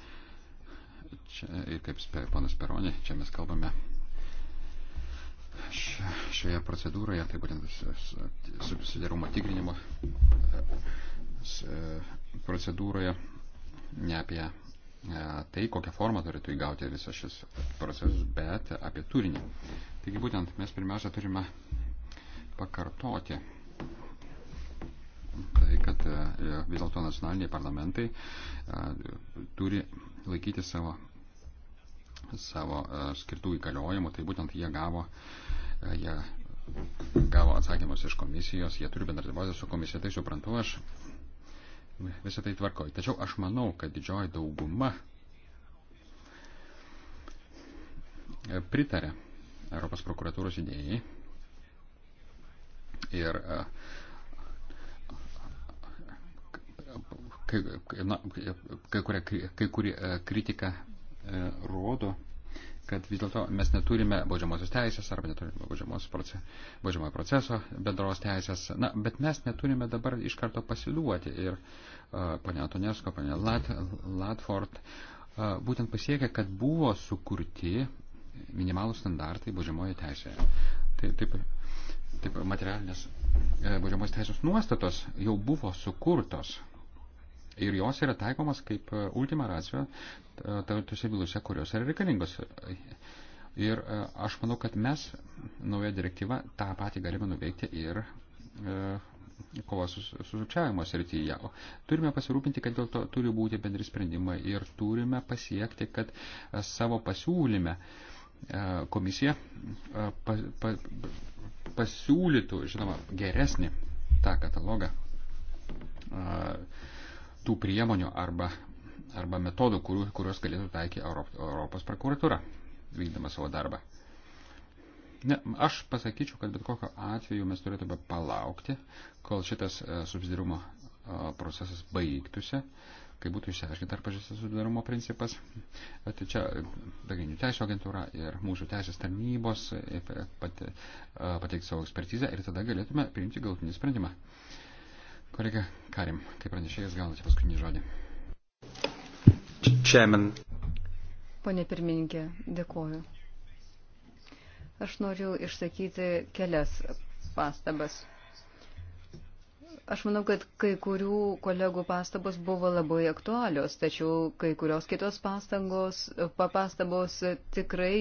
Čia, ir kaip ponas Peronė, čia mes kalbame šioje procedūroje, tai būtent subsidiarumo tikrinimo e, e, procedūroje, ne apie e, tai, kokią formą turėtų įgauti visas šis procesas, bet apie turinį. Taigi būtent mes pirmiausia turime pakartoti tai, kad vis dėlto nacionaliniai parlamentai turi laikyti savo savo e, skirtų įgaliojimų, tai būtent jie gavo, e, jie gavo atsakymus iš komisijos, jie turi bendradarbiauti su komisija, tai suprantu aš, visą tai tvarkoj. Tačiau aš manau, kad didžioji dauguma e, pritarė Europos prokuratūros idėjai ir kai, na, kai, kuria, kai, kai kuria kritika E, rodo, kad vis dėlto mes neturime baudžiamosios teisės arba neturime baudžiamojo proces, proceso bendros teisės, na, bet mes neturime dabar iš karto pasiduoti ir uh, ponia Antonesko, ponia Lat, Latford uh, būtent pasiekė, kad buvo sukurti minimalų standartai baudžiamojo teisėje. Taip, taip, taip materialinės baudžiamos teisės nuostatos jau buvo sukurtos Ir jos yra taikomas kaip e, ultima racija e, tose bylose, kurios yra reikalingos. Ir e, aš manau, kad mes nauja direktyva tą patį galime nuveikti ir kova su sučiavimo srityje. Turime pasirūpinti, kad dėl to turi būti bendri sprendimai ir turime pasiekti, kad savo pasiūlyme komisija pa, pa, pasiūlytų, žinoma, geresnį tą katalogą. Uh, tų priemonių arba, arba metodų, kurių, kuriuos galėtų taikyti Europos prokuratūra, vykdama savo darbą. Ne, aš pasakyčiau, kad bet kokio atveju mes turėtume palaukti, kol šitas e, subsidirumo e, procesas baigtųsi, kai būtų išsiaiškinta ar pažįstas subsidirumo principas. E, tai čia pagrindinių teisų agentūra ir mūsų teisės tarnybos pateikti savo ekspertizę ir tada galėtume priimti galutinį sprendimą. Kolega Karim, kaip pranešėjas gaunate paskutinį žodį. Čemen. Pone pirmininkė, dėkoju. Aš noriu išsakyti kelias pastabas. Aš manau, kad kai kurių kolegų pastabos buvo labai aktualios, tačiau kai kurios kitos pastangos, papastabos tikrai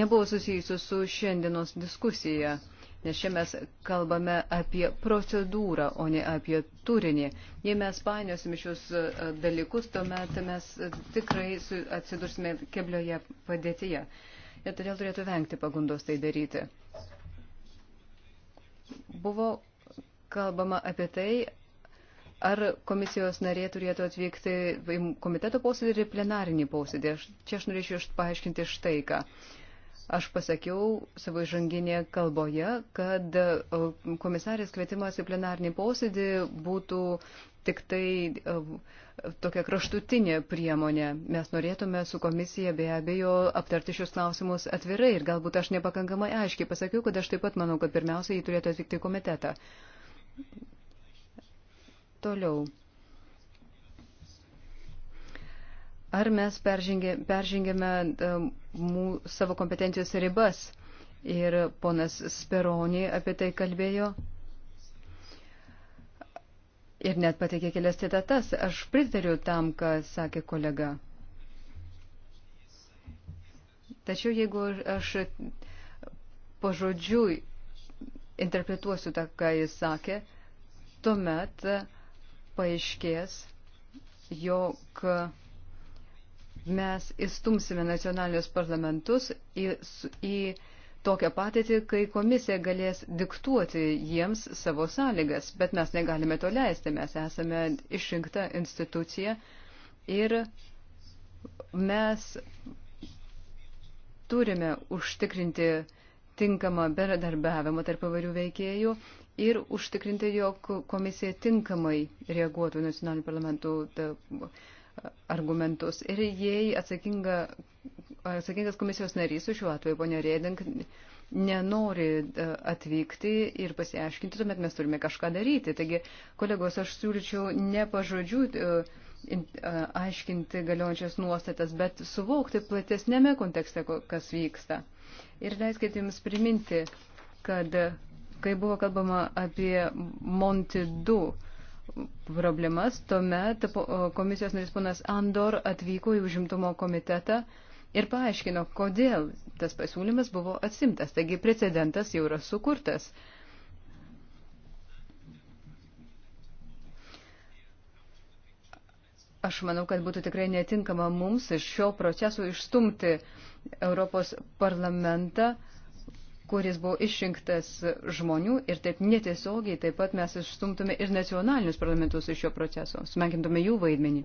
nebuvo susijusios su šiandienos diskusija nes čia mes kalbame apie procedūrą, o ne apie turinį. Jei mes painiosim šios e, dalykus, tuomet mes e, tikrai atsidursime keblioje padėtyje. Ir todėl turėtų vengti pagundos tai daryti. Buvo kalbama apie tai, ar komisijos narė turėtų atvykti į komiteto posėdį ir plenarinį posėdį. Čia aš norėčiau paaiškinti štai ką. Uh, Aš pasakiau savo žanginėje kalboje, kad e, komisarės kvietimas į plenarnį posėdį būtų tik tai e, tokia kraštutinė priemonė. Mes norėtume su komisija be abejo aptarti šios klausimus atvirai ir galbūt aš nepakankamai aiškiai pasakiau, kad aš taip pat manau, kad pirmiausia jį turėtų atlikti komitetą. Toliau. Ar mes peržengė, peržengėme e, mū, savo kompetencijos ribas? Ir ponas Speronį apie tai kalbėjo. Ir net pateikė kelias citatas. Aš pritariu tam, ką sakė kolega. Tačiau jeigu aš pažodžiui interpretuosiu tą, ką jis sakė, tuomet paaiškės, jog mes įstumsime nacionalinius parlamentus į, į tokią patėtį, kai komisija galės diktuoti jiems savo sąlygas, bet mes negalime to leisti, mes esame išrinkta institucija ir mes turime užtikrinti tinkamą beradarbiavimą tarp įvairių veikėjų ir užtikrinti, jog komisija tinkamai reaguotų nacionalinių parlamentų argumentus. Ir jei atsakinga, atsakingas komisijos narys, šiuo atveju ponia Rėdink, nenori e, atvykti ir pasiaiškinti, tuomet mes turime kažką daryti. Taigi, kolegos, aš siūlyčiau ne pažodžių e, e, aiškinti galiojančias nuostatas, bet suvokti platesnėme kontekste, kas vyksta. Ir leiskite Jums priminti, kad kai buvo kalbama apie Monti 2, problemas, tuomet komisijos narys ponas Andor atvyko į užimtumo komitetą ir paaiškino, kodėl tas pasiūlymas buvo atsimtas. Taigi precedentas jau yra sukurtas. Aš manau, kad būtų tikrai netinkama mums iš šio proceso išstumti Europos parlamentą uh, kuris buvo išrinktas žmonių ir taip netiesiogiai taip pat mes išstumtume ir nacionalinius parlamentus iš šio proceso, sumenkintume jų vaidmenį.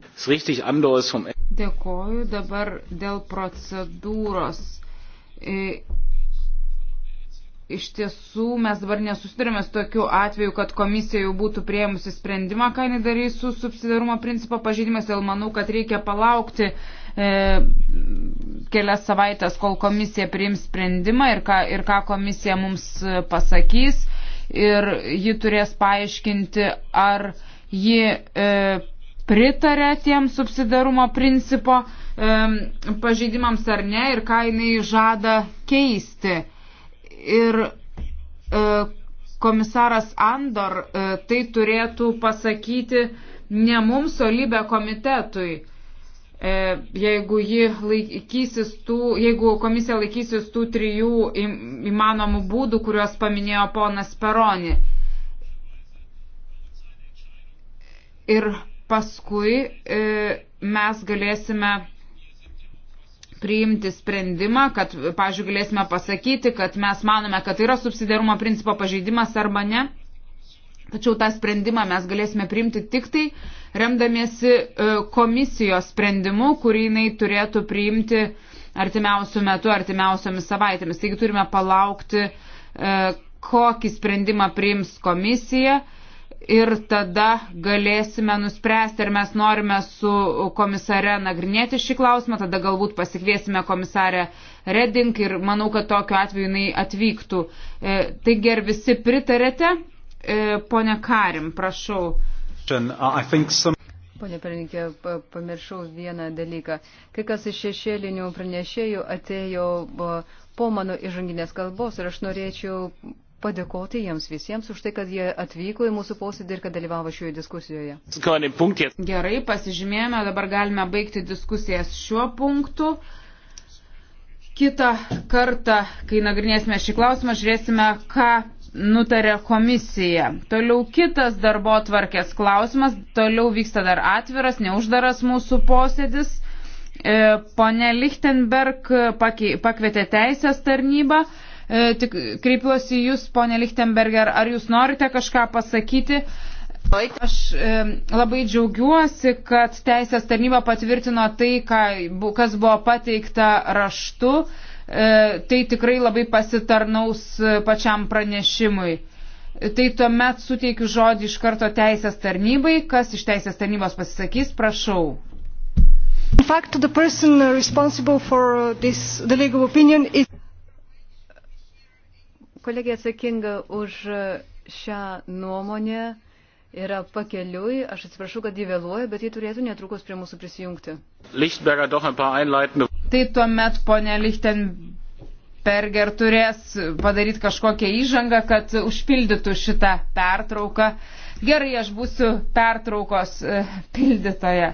Dėkoju dabar dėl procedūros. E, iš tiesų mes dabar nesusidurime su tokiu atveju, kad komisija jau būtų prieimusi sprendimą, ką jinai darys su subsidarumo principo pažeidimas. Ir manau, kad reikia palaukti e, kelias savaitės, kol komisija priims sprendimą ir ką, ir ką komisija mums pasakys. Ir ji turės paaiškinti, ar ji. E, pritarė tiem subsidarumo principo e, pažeidimams ar ne ir ką jinai žada keisti. E, ir e, komisaras Andor e, tai turėtų pasakyti ne mums, o lybe komitetui. E, jeigu, laikysis tų, jeigu komisija laikysis tų trijų įmanomų būdų, kuriuos paminėjo ponas Peroni. Ir paskui mes galėsime priimti sprendimą, kad, pažiūrėjau, galėsime pasakyti, kad mes manome, kad tai yra subsidiarumo principo pažeidimas arba ne. Tačiau tą sprendimą mes galėsime priimti tik tai remdamiesi e, komisijos sprendimu, kurį jinai turėtų priimti artimiausių metų, artimiausiomis savaitėmis. Taigi turime palaukti, e, kokį sprendimą priims komisija ir tada galėsime nuspręsti, ar mes norime su komisare nagrinėti šį klausimą, tada galbūt pasikviesime komisarę Reding ir manau, kad tokiu atveju jinai atvyktų. E, taigi ar visi pritarėte? E, pone Karim, prašau. Pone Pirinkė, pamiršau vieną dalyką. Kai kas iš šešėlinių pranešėjų atėjo po mano įžanginės kalbos ir aš norėčiau padėkoti jiems visiems už tai, kad jie atvyko į mūsų posėdį ir kad dalyvavo šioje diskusijoje. Gerai, pasižymėjome, dabar galime baigti diskusijas šiuo punktu. Kita kartą, kai nagrinėsime šį klausimą, žiūrėsime, ką nutarė komisija. Toliau kitas darbo tvarkės klausimas, toliau vyksta dar atviras, neuždaras mūsų posėdis. E, pone Lichtenberg pakvietė teisės tarnybą. E, tik kreipiuosi jūs, ponė Lichtenberger, ar jūs norite kažką pasakyti? Aš e, labai džiaugiuosi, kad teisės tarnyba patvirtino tai, kas buvo pateikta raštu. E, tai tikrai labai pasitarnaus pačiam pranešimui. Tai tuomet suteikiu žodį iš karto teisės tarnybai. Kas iš teisės tarnybos pasisakys, prašau. In fact, the person responsible for this, the legal opinion is kolegė atsakinga už šią nuomonę yra pakeliui. Aš atsiprašau, kad jį vėluoja, bet jį turėtų netrukus prie mūsų prisijungti. Tai tuomet, ponė Lichtenberger, turės padaryti kažkokią įžangą, kad užpildytų šitą pertrauką. Gerai, aš būsiu pertraukos e, pildytoja.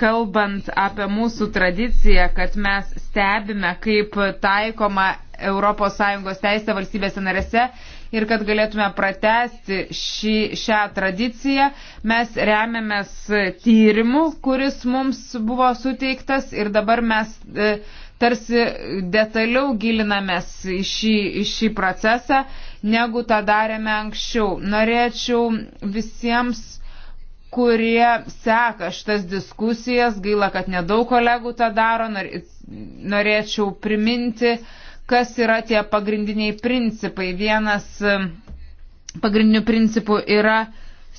kalbant apie mūsų tradiciją, kad mes stebime, kaip taikoma ES teisė valstybėse narėse ir kad galėtume pratesti šį, šią tradiciją, mes remiamės tyrimu, kuris mums buvo suteiktas ir dabar mes e, tarsi detaliau gilinamės į šį, į šį procesą, negu tą darėme anksčiau. Norėčiau visiems kurie seka šitas diskusijas, gaila, kad nedaug kolegų tą daro, norėčiau priminti, kas yra tie pagrindiniai principai. Vienas pagrindinių principų yra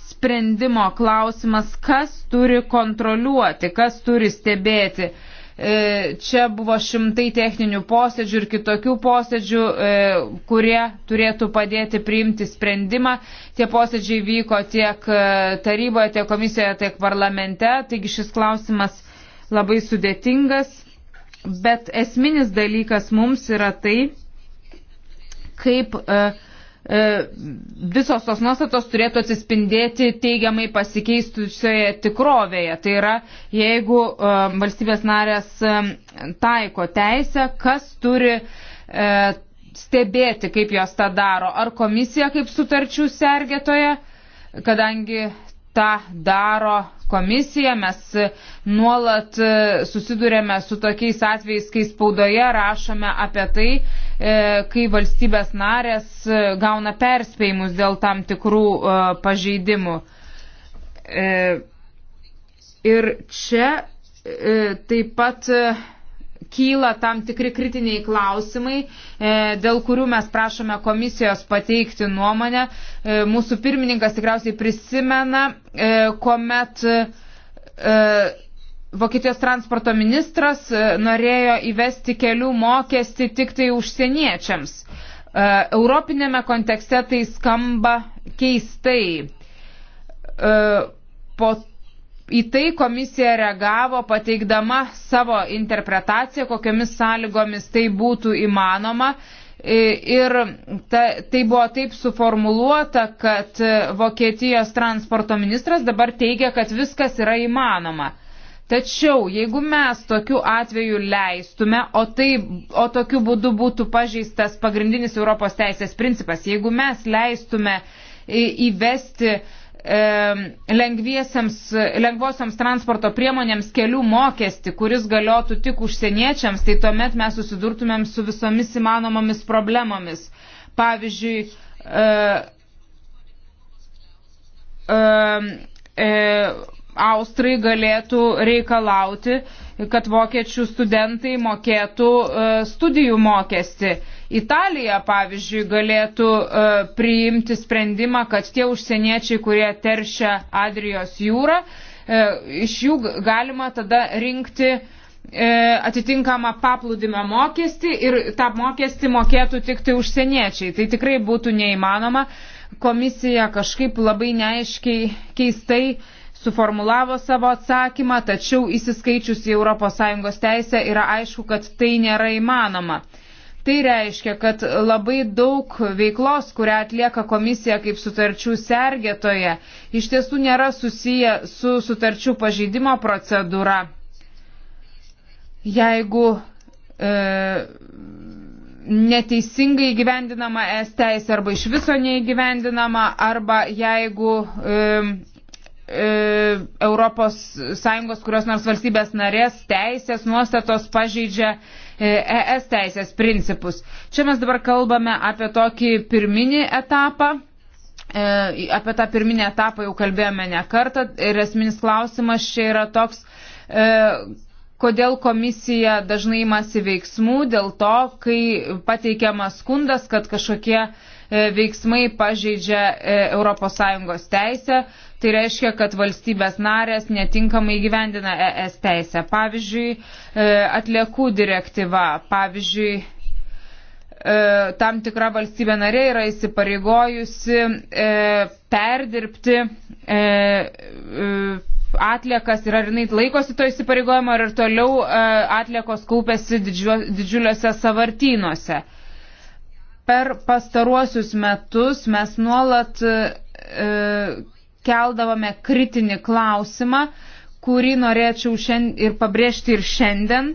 sprendimo klausimas, kas turi kontroliuoti, kas turi stebėti. E, čia buvo šimtai techninių posėdžių ir kitokių posėdžių, e, kurie turėtų padėti priimti sprendimą. Tie posėdžiai vyko tiek e, taryboje, tiek komisijoje, tiek parlamente, taigi šis klausimas labai sudėtingas. Bet esminis dalykas mums yra tai, kaip uh, E, visos tos nuostatos turėtų atsispindėti teigiamai pasikeistusioje tikrovėje. Tai yra, jeigu e, valstybės narės e, taiko teisę, kas turi stebėti, kaip jos tą daro. Ar komisija kaip sutarčių sergėtoja, kadangi tą daro komisija. Mes nuolat e, susidurėme su tokiais atvejais, kai spaudoje rašome apie tai, e, kai valstybės narės e, gauna perspėjimus dėl tam tikrų pažeidimų. Ir čia taip pat kyla tam tikri kritiniai klausimai, e, dėl kurių mes prašome komisijos pateikti nuomonę. E, mūsų pirmininkas tikriausiai prisimena, e, kuomet Vokietijos transporto ministras norėjo įvesti kelių mokestį tik tai užsieniečiams. Europinėme kontekste tai skamba keistai. Po Į tai komisija reagavo pateikdama savo interpretaciją, kokiamis sąlygomis tai būtų įmanoma. E, ir ta, tai buvo taip suformuluota, kad e, Vokietijos transporto ministras dabar teigia, kad viskas yra įmanoma. Tačiau, jeigu mes tokiu atveju leistume, o, tai, o tokiu būdu būtų pažeistas pagrindinis Europos teisės principas, jeigu mes leistume e, įvesti uh, lengvosiams transporto priemonėms kelių mokestį, kuris galiotų tik užsieniečiams, tai tuomet mes susidurtumėm su visomis įmanomomis problemomis. Pavyzdžiui, e, e, Austrai galėtų reikalauti, kad vokiečių studentai mokėtų e, studijų mokestį. Italija, pavyzdžiui, galėtų e, priimti sprendimą, kad tie užsieniečiai, kurie teršia Adrijos jūrą, e, iš jų galima tada rinkti e, atitinkamą paplūdimio mokestį ir tą mokestį mokėtų tik tai užsieniečiai. Tai tikrai būtų neįmanoma. Komisija kažkaip labai neaiškiai, keistai suformulavo savo atsakymą, tačiau įsiskaičius į ES teisę yra aišku, kad tai nėra įmanoma. Tai reiškia, kad labai daug veiklos, kurią atlieka komisija kaip sutarčių sergėtoje, iš tiesų nėra susiję su sutarčių pažeidimo procedūra. Jeigu e, neteisingai įgyvendinama es teisė arba iš viso neįgyvendinama, arba jeigu e, e, Europos Sąjungos kurios nors valstybės narės teisės nuostatos pažeidžia e, ES e teisės principus. Čia mes dabar kalbame apie tokį pirminį etapą. E, apie tą pirminį etapą jau kalbėjome ne kartą ir esminis klausimas čia yra toks, e, kodėl komisija dažnai imasi veiksmų dėl to, kai pateikiamas skundas, kad kažkokie veiksmai pažeidžia ES teisę, Tai reiškia, kad valstybės narės netinkamai gyvendina ES teisę. Pavyzdžiui, e, atliekų direktyva. Pavyzdžiui, e, tam tikra valstybė narė yra įsipareigojusi e, perdirbti atliekas ir ar jinai laikosi to įsipareigojimo ir toliau atliekos kaupėsi didžiuliuose savartynuose. Per pastaruosius metus mes nuolat keldavome kritinį klausimą, kurį norėčiau ir pabrėžti ir šiandien.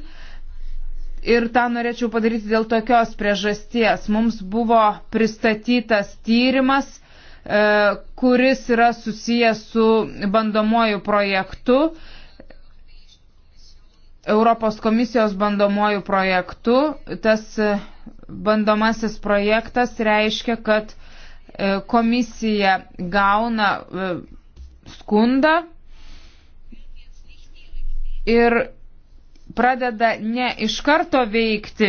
Ir tą norėčiau padaryti dėl tokios priežasties. Mums buvo pristatytas tyrimas, e, kuris yra susijęs su bandomuoju projektu, Europos komisijos bandomuoju projektu. Tas e, bandomasis projektas reiškia, kad uh, E, komisija gauna e, skundą ir pradeda ne iš karto veikti,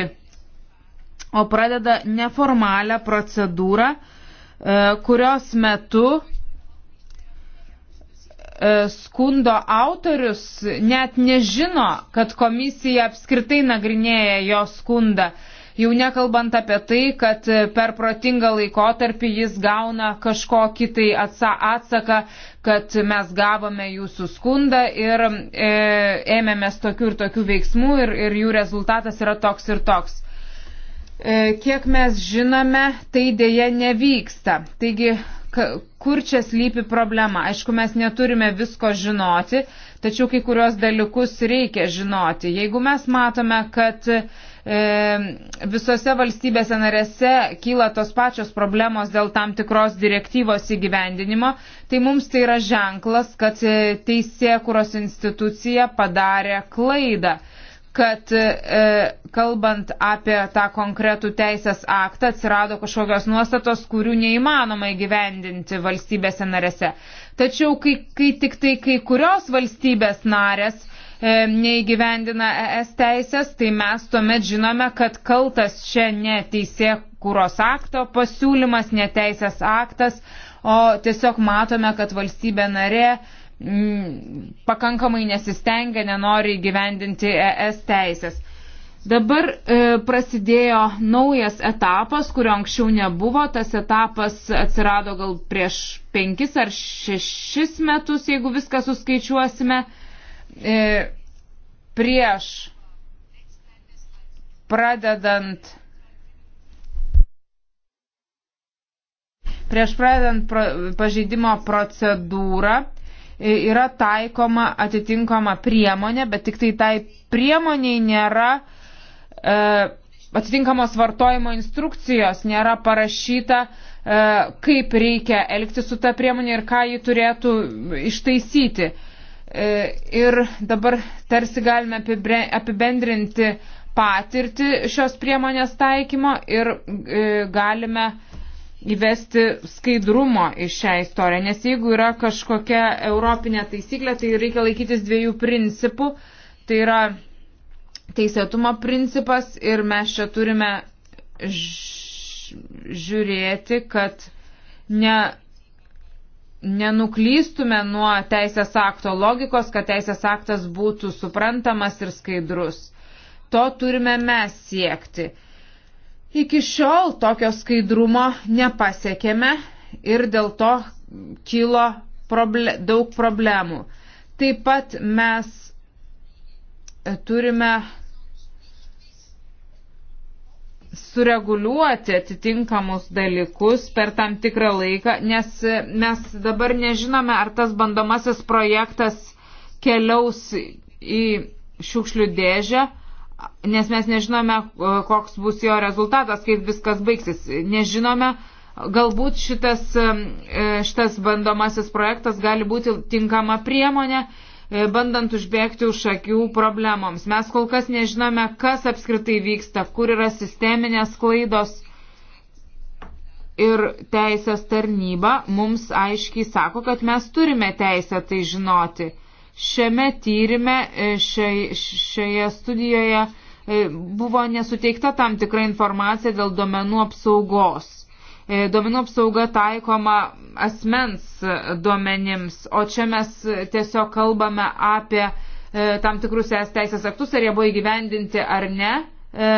o pradeda neformalią procedūrą, e, kurios metu skundo autorius net nežino, kad komisija apskritai nagrinėja jo skundą Jau nekalbant apie tai, kad e, per protingą laikotarpį jis gauna kažkokį tai atsaką, kad mes gavome jūsų skundą ir e, ėmėmės tokių ir tokių veiksmų ir, ir jų rezultatas yra toks ir toks. E, kiek mes žinome, tai dėje nevyksta. Taigi, kur čia slypi problema. Aišku, mes neturime visko žinoti, tačiau kai kurios dalykus reikia žinoti. Jeigu mes matome, kad E, visose valstybėse narėse kyla tos pačios problemos dėl tam tikros direktyvos įgyvendinimo, tai mums tai yra ženklas, kad e, teisėkuros institucija padarė klaidą kad e, kalbant apie tą konkretų teisės aktą atsirado kažkokios nuostatos, kurių neįmanoma įgyvendinti valstybėse narėse. Tačiau kai, kai tik tai kai kurios valstybės narės E, neįgyvendina ES teisės, tai mes tuomet žinome, kad kaltas čia ne teisė kūros akto pasiūlymas, ne teisės aktas, o tiesiog matome, kad valstybė narė mm, pakankamai nesistengia, nenori įgyvendinti ES teisės. Dabar e, prasidėjo naujas etapas, kurio anksčiau nebuvo. Tas etapas atsirado gal prieš penkis ar šešis metus, jeigu viską suskaičiuosime. E, prieš pradedant prieš pradedant pro, pažeidimo procedūrą e, yra taikoma atitinkama priemonė, bet tik tai tai priemoniai nėra e, atitinkamos vartojimo instrukcijos, nėra parašyta, e, kaip reikia elgti su ta priemonė ir ką ji turėtų ištaisyti. E, E, ir dabar tarsi galime apibendrinti patirtį šios priemonės taikymo ir e, galime įvesti skaidrumo iš šią istoriją. Nes jeigu yra kažkokia europinė taisyklė, tai reikia laikytis dviejų principų. Tai yra teisėtumo principas ir mes čia turime žiūrėti, kad ne nenuklystume nuo teisės akto logikos, kad teisės aktas būtų suprantamas ir skaidrus. To turime mes siekti. Iki šiol tokio skaidrumo nepasiekėme ir dėl to kilo proble daug problemų. Taip pat mes turime sureguliuoti atitinkamus dalykus per tam tikrą laiką, nes mes dabar nežinome, ar tas bandomasis projektas keliaus į šiukšlių dėžę, nes mes nežinome, e, koks bus jo rezultatas, kaip viskas baigsis. Nežinome, galbūt šitas, e, šitas bandomasis projektas gali būti tinkama priemonė E, bandant užbėgti už akių problemoms. Mes kol kas nežinome, kas apskritai vyksta, kur yra sisteminės klaidos. Ir teisės tarnyba mums aiškiai sako, kad mes turime teisę tai žinoti. Šiame tyrime, e, šioje, šioje studijoje e, buvo nesuteikta tam tikra informacija dėl domenų apsaugos E, duomenų apsauga taikoma asmens duomenims, o čia mes tiesiog kalbame apie e, tam tikrus es teisės aktus, ar jie buvo įgyvendinti ar ne, e,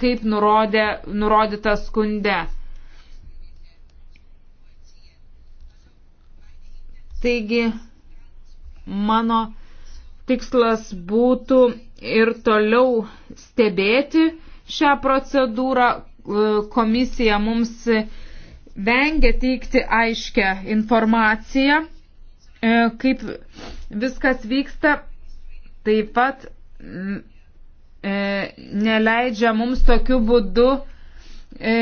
kaip nurodė, nurodyta skunde. Taigi, mano tikslas būtų ir toliau stebėti šią procedūrą, komisija mums vengia teikti aiškę informaciją, e, kaip viskas vyksta. Taip pat e, neleidžia mums tokiu būdu e,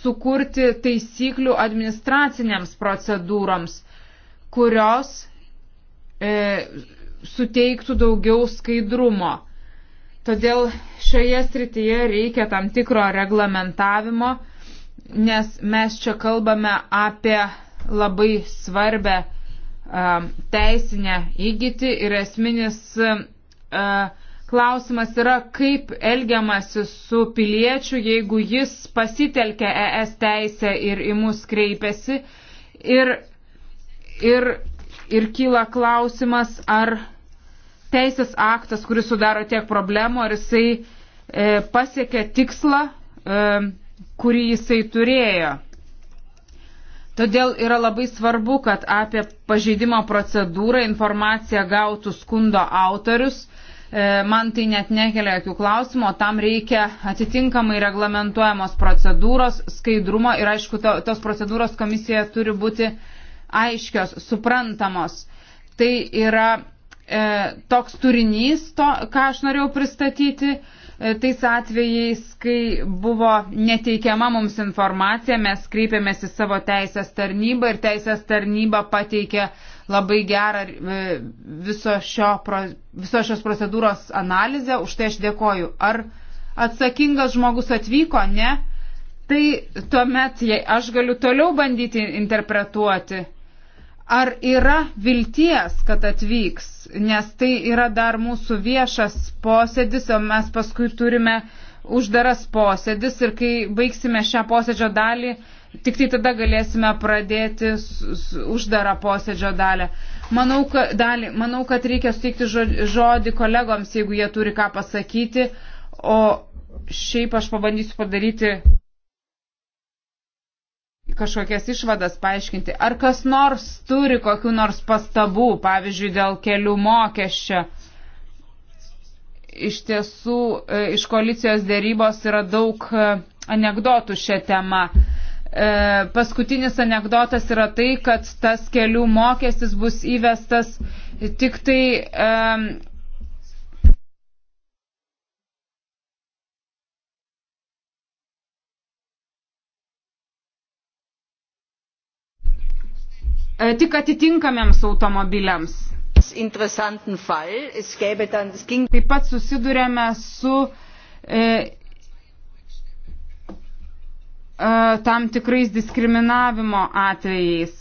sukurti taisyklių administraciniams procedūroms, kurios e, suteiktų daugiau skaidrumo. Todėl šioje srityje reikia tam tikro reglamentavimo, nes mes čia kalbame apie labai svarbę teisinę įgyti ir esminis klausimas yra, kaip elgiamasi su piliečiu, jeigu jis pasitelkia ES teisę ir į mus kreipiasi. Ir, ir, ir kyla klausimas, ar teisės aktas, kuris sudaro tiek problemų, ar jisai e, pasiekė tikslą, e, kurį jisai turėjo. Todėl yra labai svarbu, kad apie pažeidimo procedūrą informaciją gautų skundo autorius. E, man tai net nekelia jokių klausimų, tam reikia atitinkamai reglamentuojamos procedūros, skaidrumo ir aišku, to, tos procedūros komisijoje turi būti aiškios, suprantamos. Tai yra E, toks turinys, to, ką aš norėjau pristatyti. E, tais atvejais, kai buvo neteikiama mums informacija, mes kreipėmės į savo teisės tarnybą ir teisės tarnyba pateikė labai gerą e, viso, šio, viso šios procedūros analizę, už tai aš dėkoju. Ar atsakingas žmogus atvyko, ne? Tai tuomet, jei aš galiu toliau bandyti interpretuoti Ar yra vilties, kad atvyks, nes tai yra dar mūsų viešas posėdis, o mes paskui turime uždaras posėdis ir kai baigsime šią posėdžio dalį, tik tai tada galėsime pradėti uždarą posėdžio dalį. Manau, kad, dalį. Manau, kad reikia suteikti žodį kolegoms, jeigu jie turi ką pasakyti, o šiaip aš pabandysiu padaryti kažkokias išvadas paaiškinti. Ar kas nors turi kokiu nors pastabų, pavyzdžiui, dėl kelių mokesčio? Iš tiesų, e, iš koalicijos dėrybos yra daug e, anegdotų šią temą. E, paskutinis anegdotas yra tai, kad tas kelių mokestis bus įvestas tik tai E, tik atitinkamiems automobiliams. Taip pat susidurėme su e, e, tam tikrais diskriminavimo atvejais.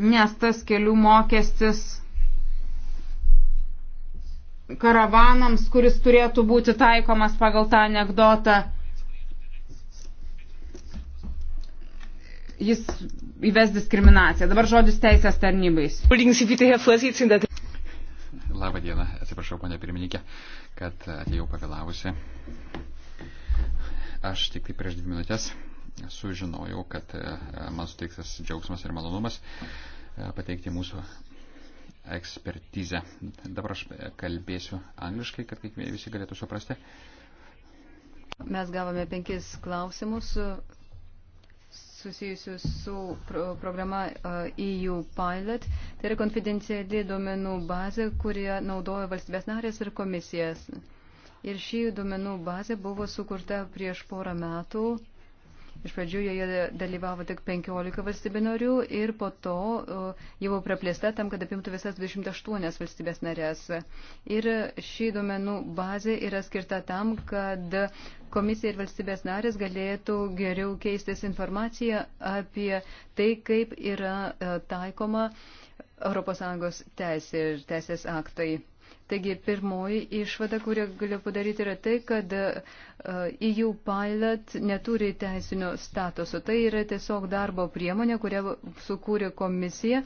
Nes tas kelių mokestis karavanams, kuris turėtų būti taikomas pagal tą anegdotą. Jis įves diskriminaciją. Dabar žodis teisės tarnybais. Labą dieną, atsiprašau, ponė pirmininkė, kad atėjau pavėlavusi. Aš tik tai prieš dvi minutės sužinojau, kad e, man suteiktas džiaugsmas ir malonumas e, pateikti mūsų ekspertizę. Dabar aš kalbėsiu angliškai, kad visi galėtų suprasti. Mes gavome penkis klausimus susijusius su programa EU e Pilot. Tai yra konfidenciali duomenų bazė, kurie naudoja valstybės narės ir komisijas. Ir ši duomenų bazė buvo sukurta prieš porą metų Iš pradžių joje dalyvavo tik 15 valstybių narių ir po to jau buvo praplėsta tam, kad apimtų visas 28 valstybės narės. Ir ši duomenų bazė yra skirta tam, kad komisija ir valstybės narės galėtų geriau keistis informaciją apie tai, kaip yra e, taikoma ES teisė ir teisės aktai. Taigi pirmoji išvada, kurią galiu padaryti, yra tai, kad EU e pilot neturi teisinio statuso. Tai yra tiesiog darbo priemonė, kurią sukūrė komisija,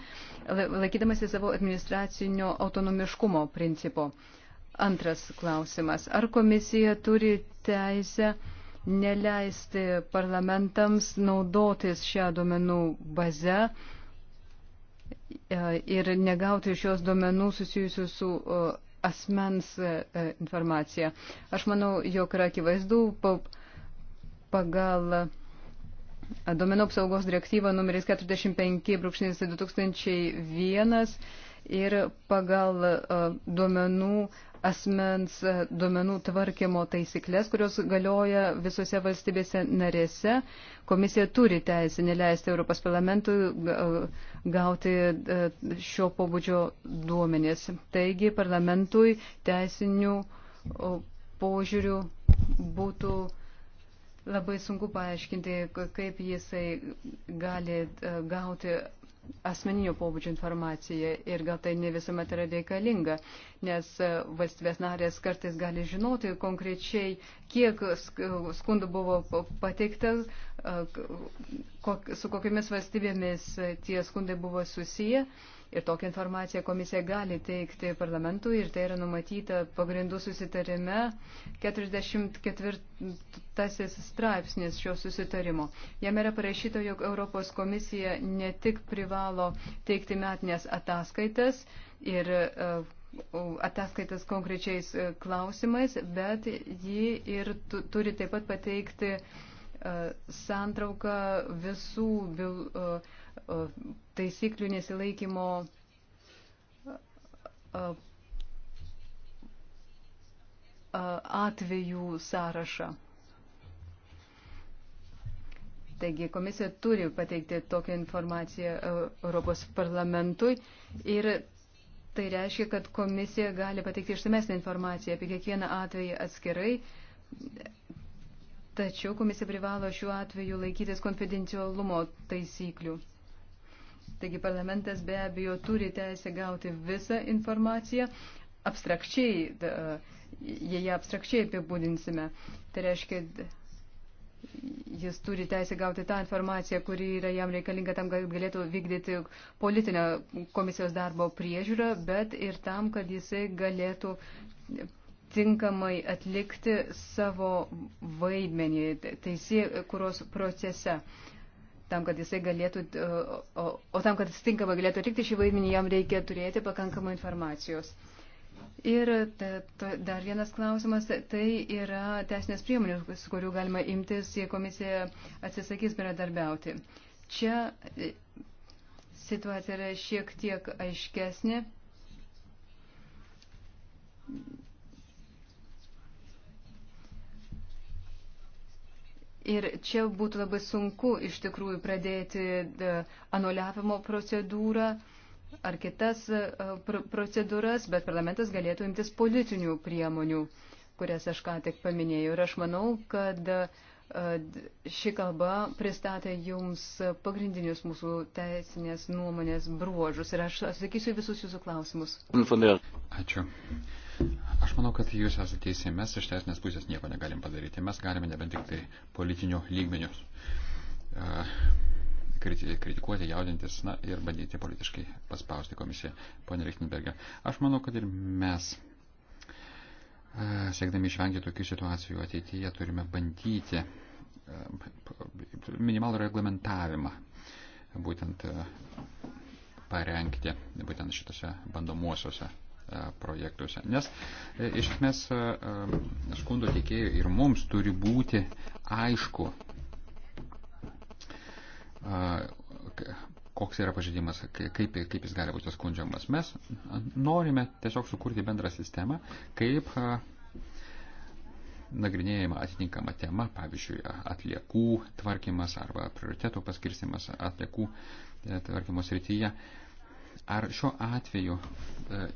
laikydamasi savo administracinio autonomiškumo principo. Antras klausimas. Ar komisija turi teisę neleisti parlamentams naudotis šią duomenų bazę e, ir negauti iš jos duomenų susijusių su e, asmens e, e, informaciją. Aš manau, jog yra akivaizdu pagal domenų apsaugos direktyvą numeris 45.2001 ir pagal e, duomenų asmens duomenų tvarkymo taisyklės, kurios galioja visose valstybėse narėse. Komisija turi teisę neleisti Europos parlamentui uh, gauti e, šio pobūdžio duomenės. Taigi parlamentui teisinių požiūrių būtų labai sunku paaiškinti, kaip jisai gali e, gauti asmeninio pobūdžio informacija ir gal tai ne visuomet yra reikalinga, nes e, valstybės narės kartais gali žinoti konkrečiai, kiek skundų buvo pateikta, e, su kokiamis valstybėmis tie skundai buvo susiję Ir tokią informaciją komisija gali teikti parlamentui ir tai yra numatyta pagrindų susitarime 44 straipsnis šio susitarimo. Jame yra parašyta, jog Europos komisija ne tik privalo teikti metinės ataskaitas ir e, ataskaitas konkrečiais e, klausimais, bet ji ir turi taip pat pateikti e, santrauką visų bylų E, taisyklių nesilaikymo e, e, atvejų sąrašą. Taigi komisija turi pateikti tokią informaciją Europos parlamentui ir tai reiškia, kad komisija gali pateikti išsamesnę informaciją apie kiekvieną atvejį atskirai, tačiau komisija privalo šiuo atveju laikytis konfidencialumo taisyklių. Taigi parlamentas be abejo turi teisę gauti visą informaciją, abstrakčiai, jei ją abstrakčiai apibūdinsime. Tai reiškia, jis turi teisę gauti tą informaciją, kuri yra jam reikalinga tam, kad galėtų vykdyti politinę komisijos darbo priežiūrą, bet ir tam, kad jisai galėtų tinkamai atlikti savo vaidmenį teisė kuros procese. Uh, tam, kad jisai galėtų, o, o tam, kad jis tinkamai galėtų atlikti šį vaidmenį, jam reikia turėti pakankamai informacijos. Ir ta, ta, dar vienas klausimas, tai yra teisinės priemonės, kurių galima imtis, jei komisija atsisakys bendradarbiauti. Čia e, situacija yra šiek tiek aiškesnė Ir čia būtų labai sunku iš tikrųjų pradėti e, anuliavimo procedūrą ar kitas e, procedūras, bet parlamentas galėtų imtis politinių priemonių, kurias aš ką tik paminėjau. Ir aš manau, kad e, ši kalba pristatė jums pagrindinius mūsų teisinės nuomonės bruožus. Ir aš atsakysiu visus jūsų klausimus. Ačiū. Aš manau, kad jūs esate teisė, mes iš teisinės pusės nieko negalim padaryti. Mes galime nebent tik tai politinių lygmenių e, kritikuoti, jaudintis na, ir bandyti politiškai paspausti komisiją, ponė Lichtenbergė. Aš manau, kad ir mes, e, siekdami išvengti tokių situacijų ateityje, turime bandyti e, minimalų reglamentavimą būtent parengti būtent šitose bandomuosiuose E, projektuose. Nes e, iš esmės e, skundo teikėjų ir mums turi būti aišku, koks yra pažeidimas, kaip, kaip jis gali būti skundžiamas. Mes norime tiesiog sukurti bendrą sistemą, kaip nagrinėjama atitinkama tema, pavyzdžiui, atliekų tvarkymas arba prioritetų paskirstimas atliekų tvarkymo srityje. Tai Ar šiuo atveju e,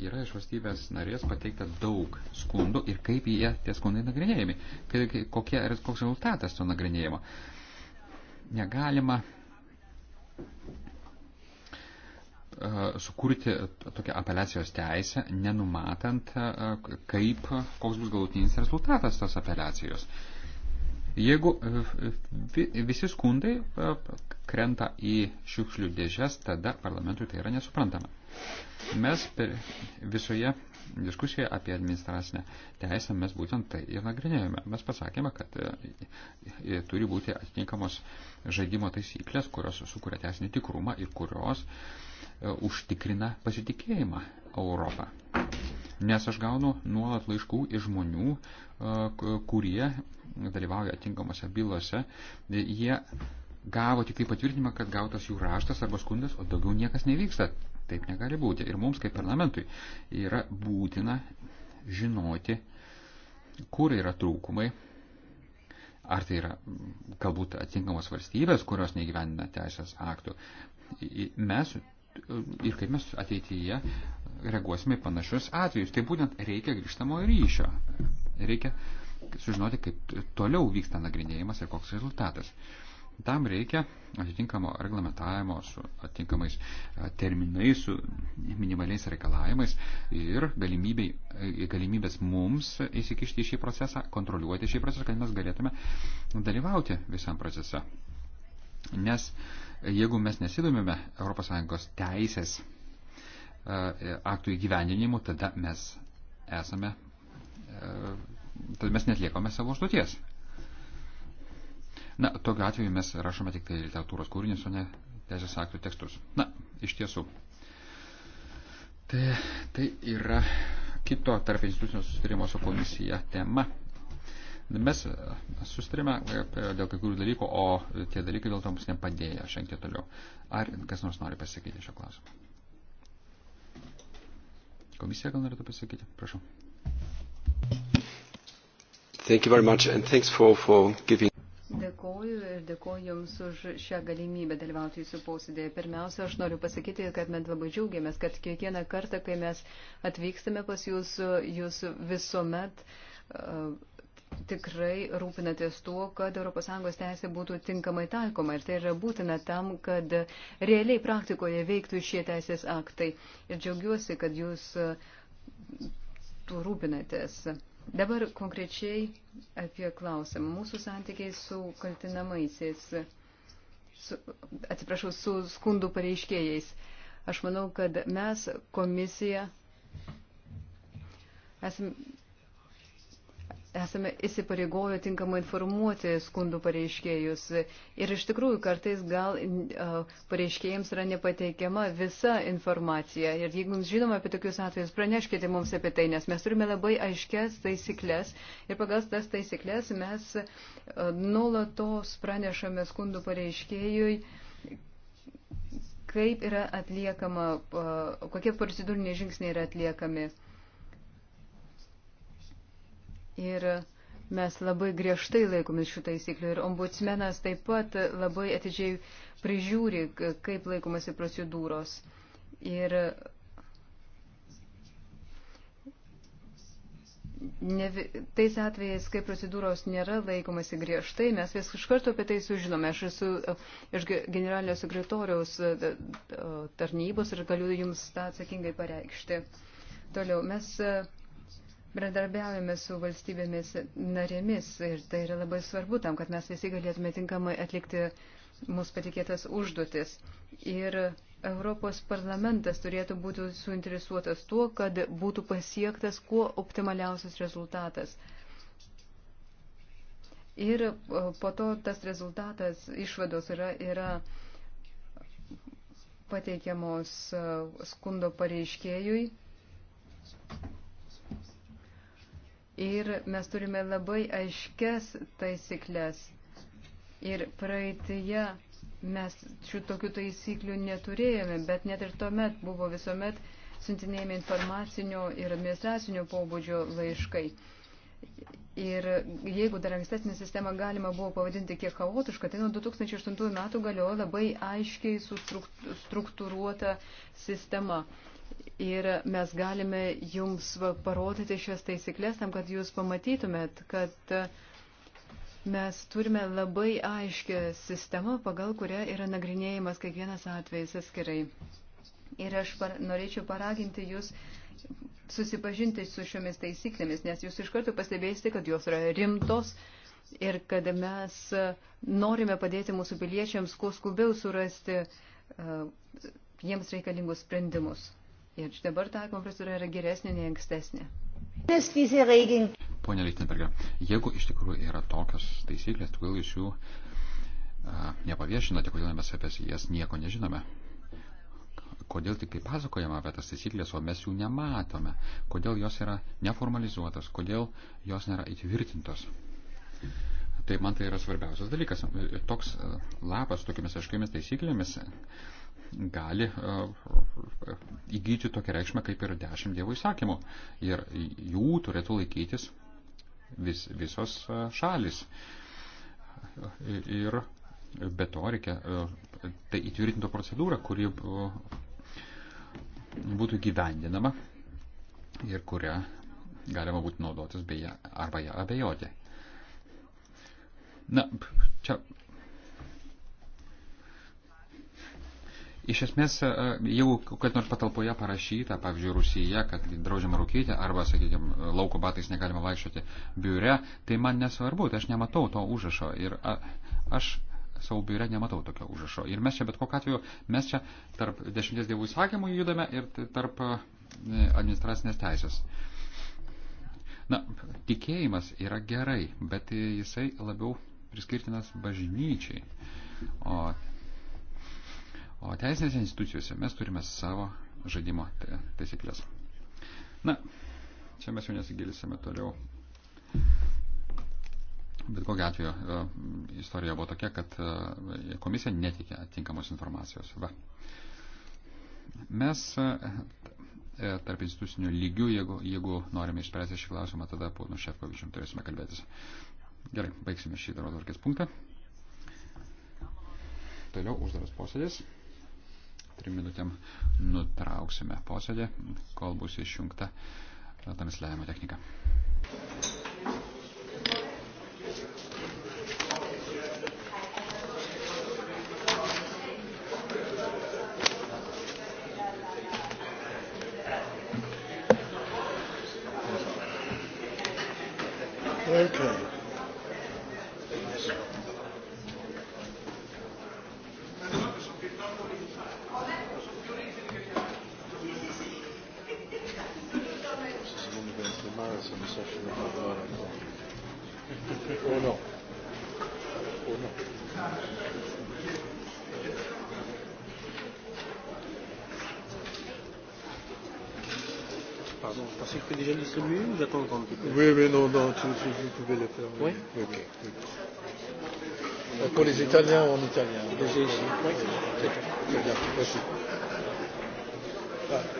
yra iš valstybės narės pateikta daug skundų ir kaip jie tie skundai nagrinėjami, kokie, koks rezultatas to nagrinėjimo. Negalima e, sukurti tokią apeliacijos teisę, nenumatant, e, kaip, koks bus galutinis rezultatas tos apeliacijos. Jeigu e, e, visi skundai e, krenta į šiukšlių dėžes, tada parlamentui tai yra nesuprantama. Mes visoje diskusijoje apie administracinę teisę mes būtent tai ir nagrinėjome. Mes pasakėme, kad turi būti atitinkamos žaidimo taisyklės, kurios sukuria teisinį tikrumą ir kurios užtikrina pasitikėjimą Europą. Nes aš gaunu nuolat laiškų iš žmonių, kurie dalyvauja atinkamose bylose, e, jie gavo tik tai patvirtinimą, kad gautas jų raštas arba skundas, o daugiau niekas nevyksta. Taip negali būti. Ir mums kaip parlamentui yra būtina žinoti, kur yra trūkumai. Ar tai yra galbūt atitinkamos valstybės, kurios negyvendina teisės aktų. Mes ir kaip mes ateityje reaguosime panašius atvejus. Tai būtent reikia grįžtamo ryšio. Reikia sužinoti, kaip toliau vyksta nagrinėjimas ir koks rezultatas. Tam reikia atitinkamo reglamentavimo su atitinkamais terminais, su minimaliais reikalavimais ir galimybės mums įsikišti į šį procesą, kontroliuoti šį procesą, kad mes galėtume dalyvauti visam procese. Nes jeigu mes nesidomime ES teisės aktų įgyvendinimu, tada mes esame tad mes netliekame savo užduoties. Na, tokiu atveju mes rašome tik tai literatūros kūrinius, o ne teisės aktų tekstus. Na, iš tiesų. Tai, tai yra kito tarp institucinio sustarimo su komisija tema. Mes sustarime e, dėl kai kurių dalykų, o tie dalykai dėl to mums nepadėjo žengti toliau. Ar kas nors nori pasakyti šio klausimu? Komisija gal norėtų pasakyti? Prašau. Thank you very much and thanks for, for giving. Dėkoju ir dėkoju Jums už šią galimybę dalyvauti Jūsų posėdėje. Pirmiausia, aš noriu pasakyti, kad mes labai džiaugiamės, kad kiekvieną kartą, kai mes atvykstame pas Jūs, Jūs visuomet uh, tikrai rūpinatės tuo, kad ES teisė būtų tinkamai taikoma. Ir tai yra būtina tam, kad realiai praktikoje veiktų šie teisės aktai. Ir džiaugiuosi, kad Jūs uh, tuo rūpinatės. Dabar konkrečiai apie klausimą. Mūsų santykiai su kaltinamaisiais, su, atsiprašau, su skundų pareiškėjais. Aš manau, kad mes komisija esame esame įsipareigoję tinkamai informuoti skundų pareiškėjus. Ir iš tikrųjų kartais gal pareiškėjams yra nepateikiama visa informacija. Ir jeigu jums žinoma apie tokius atvejus, praneškite mums apie tai, nes mes turime labai aiškias taisyklės. Ir pagal tas taisyklės mes nulatos pranešame skundų pareiškėjui kaip yra atliekama, kokie procedūriniai žingsniai yra atliekami. Ir mes labai griežtai laikomės šių taisyklių ir ombudsmenas taip pat labai atidžiai prižiūri, kaip laikomasi procedūros. Ir ne, tais atvejais, kai procedūros nėra laikomasi griežtai, mes vis iš karto apie tai sužinome. Aš esu e, iš generalinio sekretoriaus e, tarnybos ir galiu jums tą atsakingai pareikšti. Toliau, mes e, Bendradarbiaujame su valstybėmis narėmis ir tai yra labai svarbu tam, kad mes visi galėtume tinkamai atlikti mūsų patikėtas užduotis. Ir Europos parlamentas turėtų būti suinteresuotas tuo, kad būtų pasiektas kuo optimaliausias rezultatas. Ir po to tas rezultatas išvados yra, yra pateikiamos skundo pareiškėjui Ir mes turime labai aiškias taisyklės. Ir praeitėje mes šių tokių taisyklių neturėjome, bet net ir tuomet buvo visuomet siuntinėjami informacinio ir administracinio pobūdžio laiškai. Ir jeigu dar ankstesnė sistema galima buvo pavadinti kiek chaotiška, tai nuo 2008 metų galiojo labai aiškiai struktūruota sistema. Ir mes galime jums parodyti šias taisyklės tam, kad jūs pamatytumėt, kad mes turime labai aiškę sistemą, pagal kurią yra nagrinėjimas kiekvienas atvejis atskirai. Ir aš par norėčiau paraginti jūs susipažinti su šiomis taisyklėmis, nes jūs iš karto pastebėsite, kad jos yra rimtos ir kad mes norime padėti mūsų piliečiams kuo skubiau surasti uh, jiems reikalingus sprendimus. Ir dabar ta kompresūra yra geresnė nei ankstesnė. Pone Lichtenberger, jeigu iš tikrųjų yra tokios taisyklės, tu gal iš jų a, nepaviešinote, kodėl mes apie jas nieko nežinome? Kodėl tik tai pasakojama apie tas taisyklės, o mes jų nematome? Kodėl jos yra neformalizuotos? Kodėl jos nėra įtvirtintos? Tai man tai yra svarbiausias dalykas. Toks lapas tokiamis aiškiamis taisyklėmis gali e, įgyti tokią reikšmę kaip ir dešimt dievų įsakymų. Ir jų turėtų laikytis vis, visos e, šalis. Ir be to reikia e, tai įtvirtinto procedūrą, kuri būtų gyvendinama ir kurią galima būtų naudotis beje arba ją abejoti. Na, čia Iš esmės, e, jau kad nors patalpoje parašyta, pavyzdžiui, Rusija, kad draudžiama rūkyti arba, sakykime, lauko batais negalima vaikščioti biure, tai man nesvarbu, tai aš nematau to užrašo ir a, aš savo biure nematau tokio užrašo. Ir mes čia bet kokiu atveju, mes čia tarp dešimties dievų įsakymų judame ir tarp e, administracinės teisės. Na, tikėjimas yra gerai, bet jisai labiau priskirtinas bažnyčiai. O O teisinėse institucijose mes turime savo žaidimo taisyklės. Na, čia mes jau nesigilysime toliau. Bet kokiu atveju e, istorija buvo tokia, kad e, komisija netikė atitinkamos informacijos. Va. Mes e, tarp institucinių lygių, jeigu, jeigu norime išspręsti šį klausimą, tada ponu Šefkovičium turėsime kalbėtis. Gerai, baigsime šį darbo tvarkės punktą. Toliau uždaras posėdis trim minutėm nutrauksime posėdį, kol bus išjungta transliavimo technika. Okay. o no. O no. Pardon, je pensais que c'était déjà distribué ou j'attends encore un petit peu Oui, mais non, non, tu, tu, vous pouvez le faire. Oui, oui Ok. Oui. Euh, pour les Italiens en italien. Déjà ici. Oui, c'est bien. Merci. Ah.